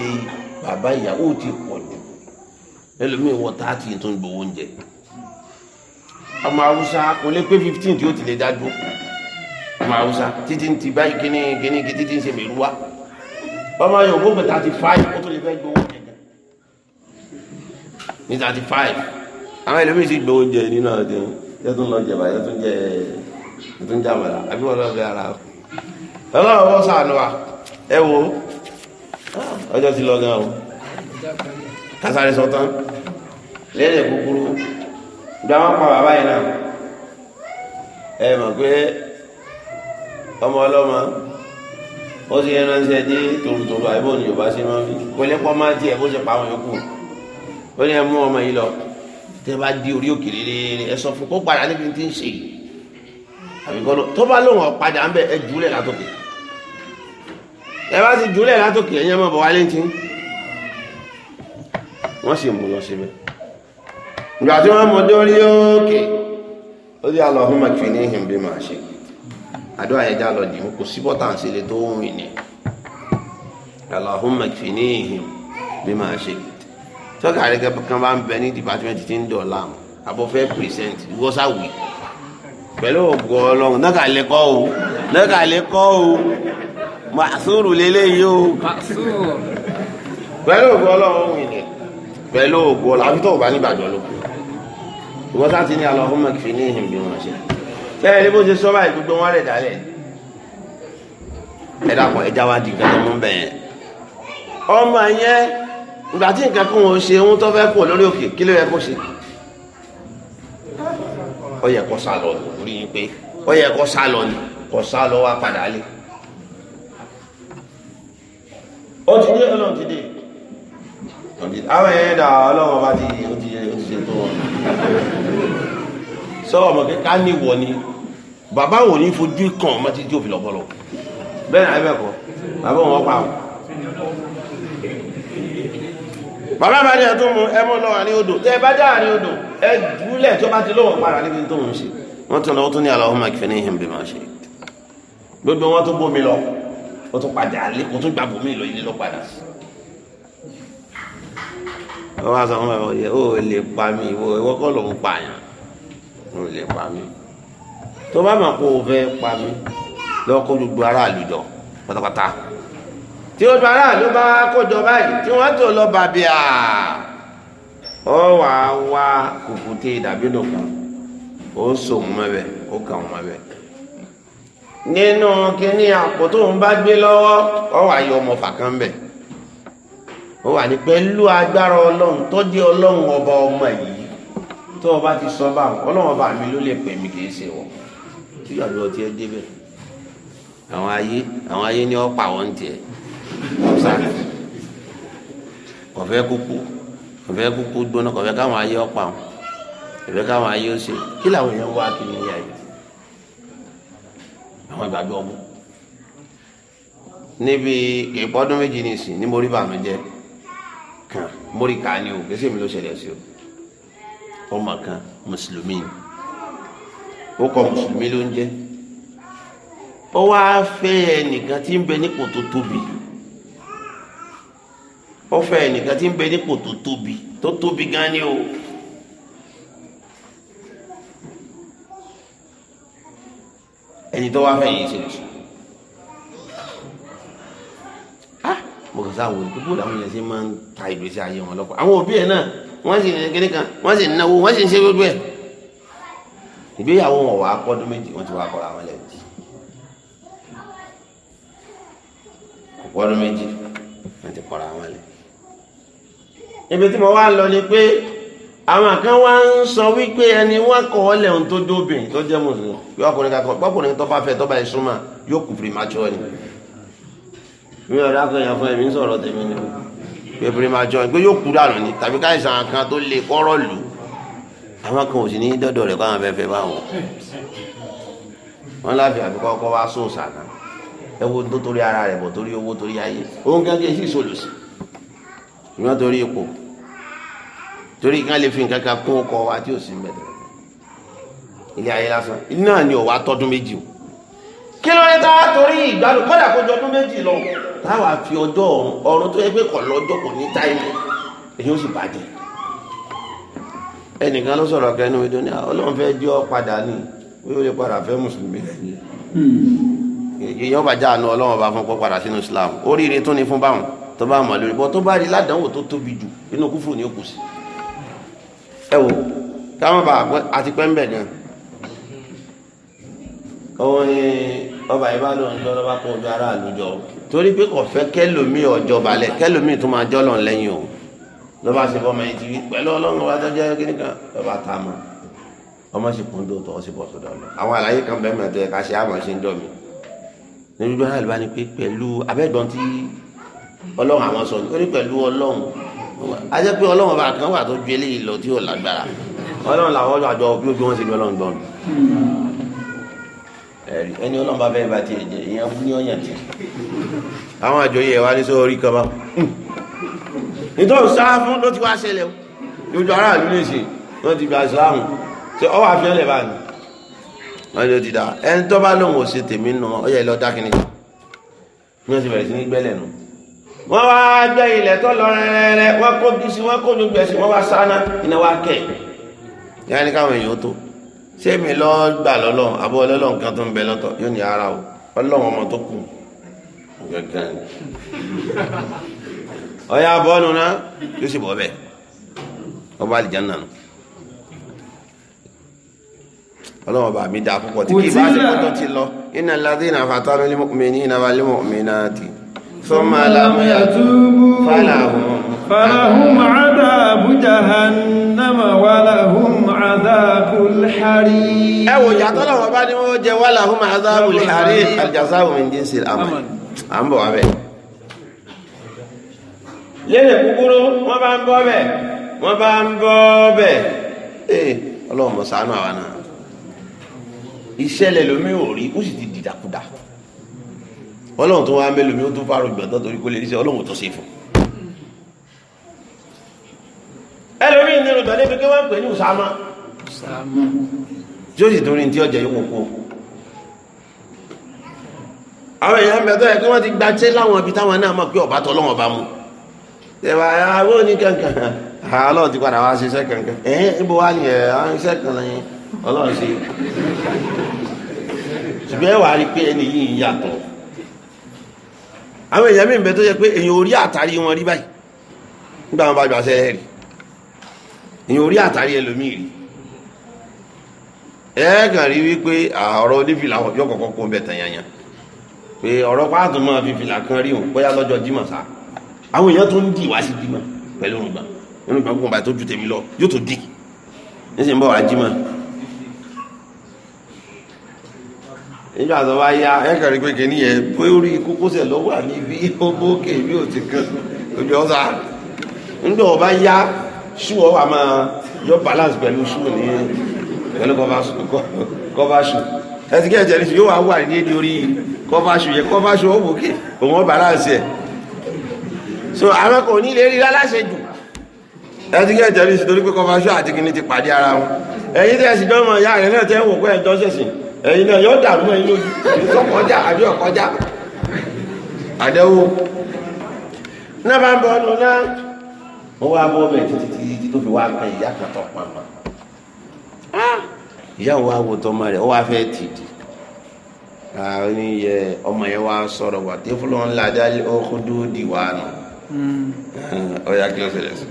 bàbá ìyàwó ti pọ̀ jù ẹlòmíì wọ tààtì tó ń gbowó oúnjẹ ọmọ Haúsá kò lè pé fifteen tí ó ti lè dájú ọmọ Haúsá títí ti báyìí kíní kíní kíní ti ń ṣe mèrú wa ọmọ Yorùbá ó pè thirty five ó tó lè fẹ́ gbowó oúnjẹ ní thirty five àwọn ẹlòmíì sì gbowó oúnjẹ nínú àwọn ọdún yẹn tó ń lọ jẹba yẹn jẹ yẹn tó àbí wọn lọ bẹ ara wọn ọlọ́run wọ́n sànù wa ẹ wo ọjọ́ ti lọ gan o kásáré sọ tán lẹ́yìn kúkúrú ìgbà wọn pa bàbá yìí náà ẹ mọ̀ pé ọmọ ọlọ́mọ ó sì yẹn ránṣẹ́ dé tòrùtòrù àìbò ní yorùbá ṣe máa ń fi kò lè pọ́ máa tiẹ̀ bó ṣe pa àwọn yòókù ó ní ẹ mú ọmọ yìí lọ tẹ bá di orí òkè rere ẹ sọ fún kó padà níbi tí ń ṣe yìí àbíkọ́ tó bá lóun ọ̀ padà ń bẹ ẹ jùlẹ̀ látòkè ẹ bá ti jùlẹ̀ látòkè ẹ̀yẹ́ mọ̀ bọ̀ wálé tí wọ́n sì mú lọ síbẹ̀ ìgbà tí wọ́n mọ̀ dórí òkè ó dí Allahumma kfinihim bima shi'ta àdó àyẹjá lọ dì mú kò sí bọ́tà ń sílé tó ń rìn ní Allahumma kfinihim bima shi'ta tọ́ka rẹ̀ kan bá ń bẹ ní dìpátímẹ́ntì tí ń dọ̀ láàmú abọ́fẹ́ pírẹsẹ̀ntì wọ́sàwì pẹ̀lú ògùn ọlọ́run náà kà lè o náà kà lè o màṣúrù lélẹ́yìí o pẹ̀lú ògo ọlọ́run wì ní pẹ̀lú ògo ọlọ́run àbí tó o bá ní ìbàjọ́ ló kù ìwọ́n sá ti ní Allahumma kfinihim bí wọ́n ṣe bẹ́ẹ̀ ni bó ṣe sọ báyìí gbogbo wọn rẹ̀ dálẹ̀ ẹ dàpọ̀ ẹja wa di nǹkan tó mú bẹ́ẹ̀ ọmọ yẹn ìgbà tí nǹkan kó wọn ṣe ohun tó fẹ́ kó lórí òkè kí ló yẹ kó ṣe ó yẹ kó sálọ ní orí yín pé ó yẹ sálọ ní kó sálọ wá padà lé ó ti dé ọlọ́run ti dé àwọn ẹ̀yẹ́ dà ọlọ́run ọba ti ó ti ṣe tó wọn sọ ọmọ kíkà ní ìwọ ni bàbá wò ní fojú kàn ọmọ títí òfin lọ́pọ̀lọ́ bẹ́ẹ̀ náà ẹ̀bẹ̀ kọ́ bàbá wọn pa wọn. bàbá bá ní ẹtún mu ẹmọ lọ́wọ́ ní odò tẹ́ ẹ bá dá ní odò ẹ jùlẹ̀ tó bá ti lọ́wọ́ para níbi tó ń ṣe wọ́n tún lọ́wọ́ tún ní Allahumma kfini him bima ṣe gbogbo o tún padà lé o tún gbàgbọ́ mi lọ ilé lọ padà. wọ́n wá sọ fún bàbá òye ó lè pa mí ìwọ ìwọ kọ́ lòún pààyàn ó lè pa mí tó bá mọ̀ kó o fẹ́ pa mí lọ́wọ́ kó gbogbo aráàlú jọ pátápátá tí ó bá aráàlú bá kójọ báyìí tí wọ́n tó lọ bàbí à ó wàá wá kùkùté dàbí dùnkàn ó sòun mọ́bẹ̀ ó kàn mọ́bẹ̀ nínú kíní àpò tó ń bá gbé lọ́wọ́ ọ wà yọ ọmọ fàkán bẹ̀ ó wà ní pẹ̀lú agbára ọlọ́run tó jẹ́ ọlọ́run ọba ọmọ yìí tó o bá ti sọ bá ọlọ́run ọba mi ló lè pè mí kì í ṣe wọ tí ìyàwó ọtí ẹ débẹ̀ àwọn ayé àwọn ayé ni ọ pa wọn tiẹ̀ kọfẹ kúkú kọfẹ kúkú gbóná kọfẹ káwọn ayé ọ pa wọn kọfẹ káwọn ayé ó ṣe kí làwọn èèyàn wá kiri ní ayé àwọn ìgbàgbọ́ ọmọ níbi ìpọ́dún méjì ní ìsìn ní mórí bàmí jẹ kan mórí ká ní o gbèsè mi ló ṣẹlẹ̀ sí o ọmọ kan mùsùlùmí ó kọ mùsùlùmí ló ń jẹ ó wá fẹ́ ẹnìkan tí ń bẹ nípò tó tóbi ó fẹ́ ẹnìkan tí ń bẹ nípò tó tóbi tó tóbi gan ni o. ẹni tó wá fẹ̀yìn ṣe lùsùn ah mo kàn sáà wò ó bó làwọn yẹn ṣe máa ń ta ìgbésí ayé wọn lọ́pọ̀ àwọn òbí ẹ̀ náà wọ́n sì ní kíní kan wọ́n sì náwó wọ́n sì ń ṣe gbogbo ẹ̀ ìgbéyàwó wọn wà á pọ́dún méjì wọ́n ti wá kọ́ra wọn lẹ́yìn kò pọ́dún méjì wọ́n ti kọ́ra wọn lẹ́yìn ibi tí mo wá lọ ni pé. àwọn kan wá ń sọ wípé ẹni wá kọ ọ lẹ́hun tó dóbìn tó jẹ́ mùsùlùmí yóò ọkùnrin kakọ pọ́kùnrin tó bá fẹ́ tó bá yẹ súnmọ́ yóò kù ni mi ò dákọ̀ yẹn fún ẹ̀mí sọ̀rọ̀ tèmi ni pé pé yóò kú dànù ni tàbí kan tó lè kọ́rọ̀ lù àwọn kan ò sì ní dọ́dọ̀ rẹ̀ bá wọn láfi wá kan ẹ torí kí wọ́n lè fi nǹkan kan kún ọkọ̀ wa tí ò sí mẹ́tẹ̀ ilé ayé lásán náà ni ọ̀wá tọdún méjì o kí ló ń ta torí ìgbádùn kọ́dà kó jọ ọdún méjì lọ táwa fi ọjọ́ ọ̀run ọ̀run tó yẹ pé kọ̀ lọ́jọ́ kò ní táìmù èyí ó sì bàjẹ́ ẹnìkan ló sọ̀rọ̀ kẹ́nu mi tó ní ah, ọlọ́run fẹ́ jẹ́ ọ padà ní ó lè padà fẹ́ mùsùlùmí èyí ọba já àánú ọlọ́run ọba fún kọ́ padà sínú Islam oríire tó ní fún báwọn tó bá mọ̀ lórí bọ́ tó bá rí ládàáwò tó tóbi jù inú kúfù ní òkú sí ẹ wò káwọn bá àti pẹ́ ń bẹ̀ gan òun ni ọba ìbálò ń lọ lọ́ba kó ojú ara àlùjọ torí pé kò fẹ́ kẹlòmíì ọjọ́ balẹ̀ kẹlòmíì tó máa jọ́lọ̀ lẹ́yìn o lọ́ba ṣe bọ́ mẹ́yìn ti wí pẹ̀lú ọlọ́run wa tọ́jú ayé kíní kan lọ́ba tá a mọ̀ ọmọ sì kún tó tọ́ sí bọ̀ tó dọ̀ lọ àwọn àlàyé kan bẹ́ẹ̀ mẹ́tọ́ ẹ̀ ká ṣe àmọ́ ṣe ń dọ̀ mí níbi bí wọ́n á lè bá ní pé pẹ̀lú abẹ́gbọ́n tí ọlọ́run àwọn sọ ní pẹ̀lú ọlọ́run a jẹ́ pé ọlọ́run bá kan wà tó ju eléyìí lọ tí yóò lágbára ọlọ́run làwọn àjọ bí ojú wọn ṣe lu ọlọ́run gbọ́n ẹ̀rí ẹni ọlọ́run bá bẹ́ẹ̀ bá ti ẹ̀jẹ̀ ìyẹn fún ní ọ̀yàn tí àwọn àjọ yẹn wá ní sórí kan bá nítorí sáà fún ló ti wá ṣẹlẹ̀ lójú aráàlú lè ṣe wọ́n ti gba ìsìláàmù ṣe ọwọ́ àfihànlẹ̀ bá ní wọ́n ló ti dá ẹni tó bá lóun ò ṣe tèmi nù ọ yẹ lọ dákìnì wọ́n wá gbẹ́ ilẹ̀ tó lọ rẹ̀rẹ̀rẹ̀ wọ́n kó bí sí wọ́n kó ní gbẹ̀sì wọ́n wá sáná iná wá kẹ̀ yáni káwọn èèyàn tó ṣé mi lọ gbà lọ́lọ́ abọ́ nǹkan tó ń bẹ lọ́tọ̀ yóò ní ara o ọlọ́run ọmọ tó kù gẹ́gẹ́ ọ̀yà bọ́ọ̀nù náà yóò sì bọ́ bẹ́ẹ̀ ọba àlìjáná nù ọlọ́run bá mi dáa púpọ̀ tí kì í bá ṣe kó ti lọ iná ládé ìnáfàtà lórí ثم لم يتوبوا فلهم فلهم عذاب جهنم ولهم عذاب الحريق ẹ wò ìyà t'Ọlọ́run bá ní wọ́n jẹ ولهم عذاب الحريق الجزاء من جنس العمل à ń bọ̀ wá bẹ̀. lédè kúkúrú wọ́n bá ń bọ́ bẹ̀ wọ́n bá ń bọ́ bẹ̀ ee eh, Ọlọ́run mọ̀ ṣàánú àwa náà iṣẹ́ lẹ́lòmí ò rí ó sì ti dìdàkudà ọlọ́run tó wá mélòó mi ó tún fárò gbọ̀ntán torí kó lè ríṣẹ́ ọlọ́run tó ṣe fún ẹlòmí nínú ìgbàlẹ́ fi kí wọ́n ń pè ní Usama tí ó sì torí tí ọjà yóò kó àwọn èèyàn mẹ́tọ́ ẹ̀ kí wọ́n ti gba tí láwọn ibi táwọn náà mọ̀ pé ọ̀bá tọ́ lọ́wọ́ bá mú ẹ̀wà àwọn oníkankan ọlọ́run ti padà wá sí iṣẹ́ kankan ẹ̀yìn ibo wá ní ẹ̀ iṣẹ́ kan lẹ́yìn ọlọ́run sí ṣùgbọ́n ẹ̀wà rí pé ẹni yìí yàtọ̀ àwọn èèyàn mí bẹ tó yẹ pé èèyàn orí àtàrí wọn rí báyìí nígbà wọn bá gbà sẹ́yẹ rí èèyàn orí àtàrí ẹlòmíì rí ẹ kàn rí wípé ọ̀rọ̀ onífìlà ọjọ́ kọ̀ọ̀kan kó bẹ tẹ̀yànyàn pé ọ̀rọ̀ pàtó máa fi fìlà kan rí òun bóyá lọ́jọ́ jímọ̀ sá àwọn èèyàn tó ń dì wá sí jímọ̀ pẹ̀lú òun gbà nínú ìgbà gbogbo àti ojú tèmi lọ yóò tó dì nísìnyí bọ́ wá jímọ̀ nígbà tó bá yá ẹ̀kọ́ rí pé kìíní yẹn bó orí kókósẹ̀ ló wà níbí owó òkè bí ò ti kan ojú ọ̀sà nígbà tó yá ọ wà máa yọ balance pẹ̀lú ṣú ní pẹ̀lú kọ́fà ṣù ẹtí kí ẹ̀jẹ̀ nìṣú yóò wá wà ní èdè orí kọ́fà ṣù yẹ kọ́fà ṣù owó òun ọ̀ balance ẹ̀ so àwọn kò ní lè rí láláṣẹ jù ẹtí kí ẹ̀jẹ̀ nìṣú torí pé kọ́fà àti pàdé ara wọn ẹ̀yin tẹ̀ ẹ̀sìn jọ́mọ̀ ìyá rẹ̀ náà tẹ́ wò pé ẹ̀jọ́ ẹ̀yin náà yọ dàrú mọ́ yín lójú èyí tó kọjá àbí ọ̀kọjá àdẹ́wò náà bá ń bọ́ ọ́nù náà wọ́n wá bọ́ bẹ̀ títí títí tó fi wá pẹ́ ìyá kan tó pamọ́ ìyá wa wo tọmọ rẹ̀ ó wá fẹ́ tìdí àwọn yẹ ọmọ yẹn wá sọ̀rọ̀ wà tí fúlọ́ ńlá dálé ọkọ̀ dúdú wà nù ọ̀yà hmm. kí ló ṣẹlẹ̀ sí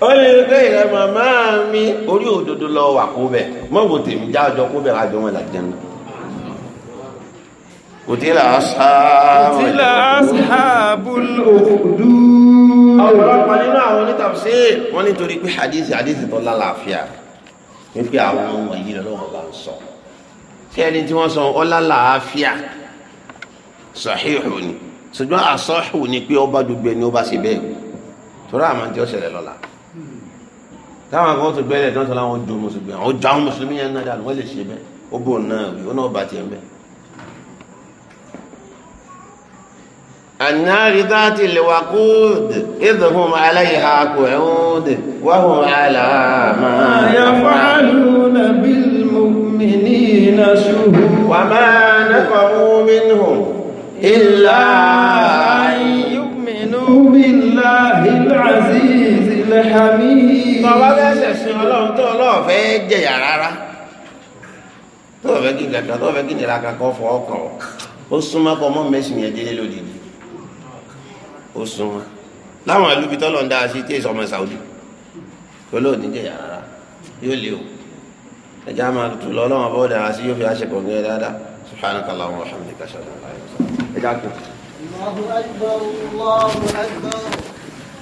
ó lè rí pé ìrẹ màmá mi orí òdodo lọ wà kó bẹ mọ́wò tèmi já ọjọ́ kó bẹ àjọ wọn làjẹ náà. Kutila ashabul ukhdud. Ọ̀pọ̀lọpọ̀ nínú àwọn onítafsir wọ́n nítorí pé hadith hadith tó lálàáfíà wípé àwọn ọmọ yìí lọ́wọ́ bá ń sọ. Tí ẹni tí wọ́n sọ ọ lálàáfíà sahihu ni. Ṣùgbọ́n àsọ́hù ni pé ọba gbogbo ẹni ó bá ṣe bẹ́ẹ̀. Tọ́lá àmọ́ tí ó ṣẹlẹ̀ lọ́la táwọn akọ́kọ́ tó gbẹ́lẹ̀ tó ń sọ láwọn ojú mùsùlùmí àwọn ojú àwọn mùsùlùmí yẹn náà dànù wọ́n lè ṣe bẹ́ẹ̀ ó bò náà rí ó náà bàtì ẹ̀ bẹ́ẹ̀. ànáàrí dáàtì lè wà kúùdì ìdùnkùn ha kò ẹ̀húndì wáhùn àlà máa yà fàálù nàbí mímí náà ṣùgbọ́n. wà máa nàkọ̀ mú mínú ìlà ayé yóò hamim. tọ́ bá fẹ́ ṣẹ̀sìn ọlọ́run tó ọlọ́run fẹ́ jẹ̀yà rárá tó fẹ́ kí gàdá tó fẹ́ kí nira kankan fọ ọkàn ó súnmọ́ kọ́ mọ́ mẹ́sìn yẹn délé lódìdí ó súnmọ́ láwọn ìlú bíi tọ́lọ̀ ń dáa sí tí èso ọmọ Saudi tó lóòní jẹ̀yà rárá yóò lé o ẹ̀já máa tù lọ ọlọ́run bọ́ dára sí yóò fi aṣẹ kọ̀ọ̀gẹ́ dáadáa subhanakallahu wa hamdika ṣàlùmọ́ ẹ̀já kù. Allahu akbar Allahu akbar.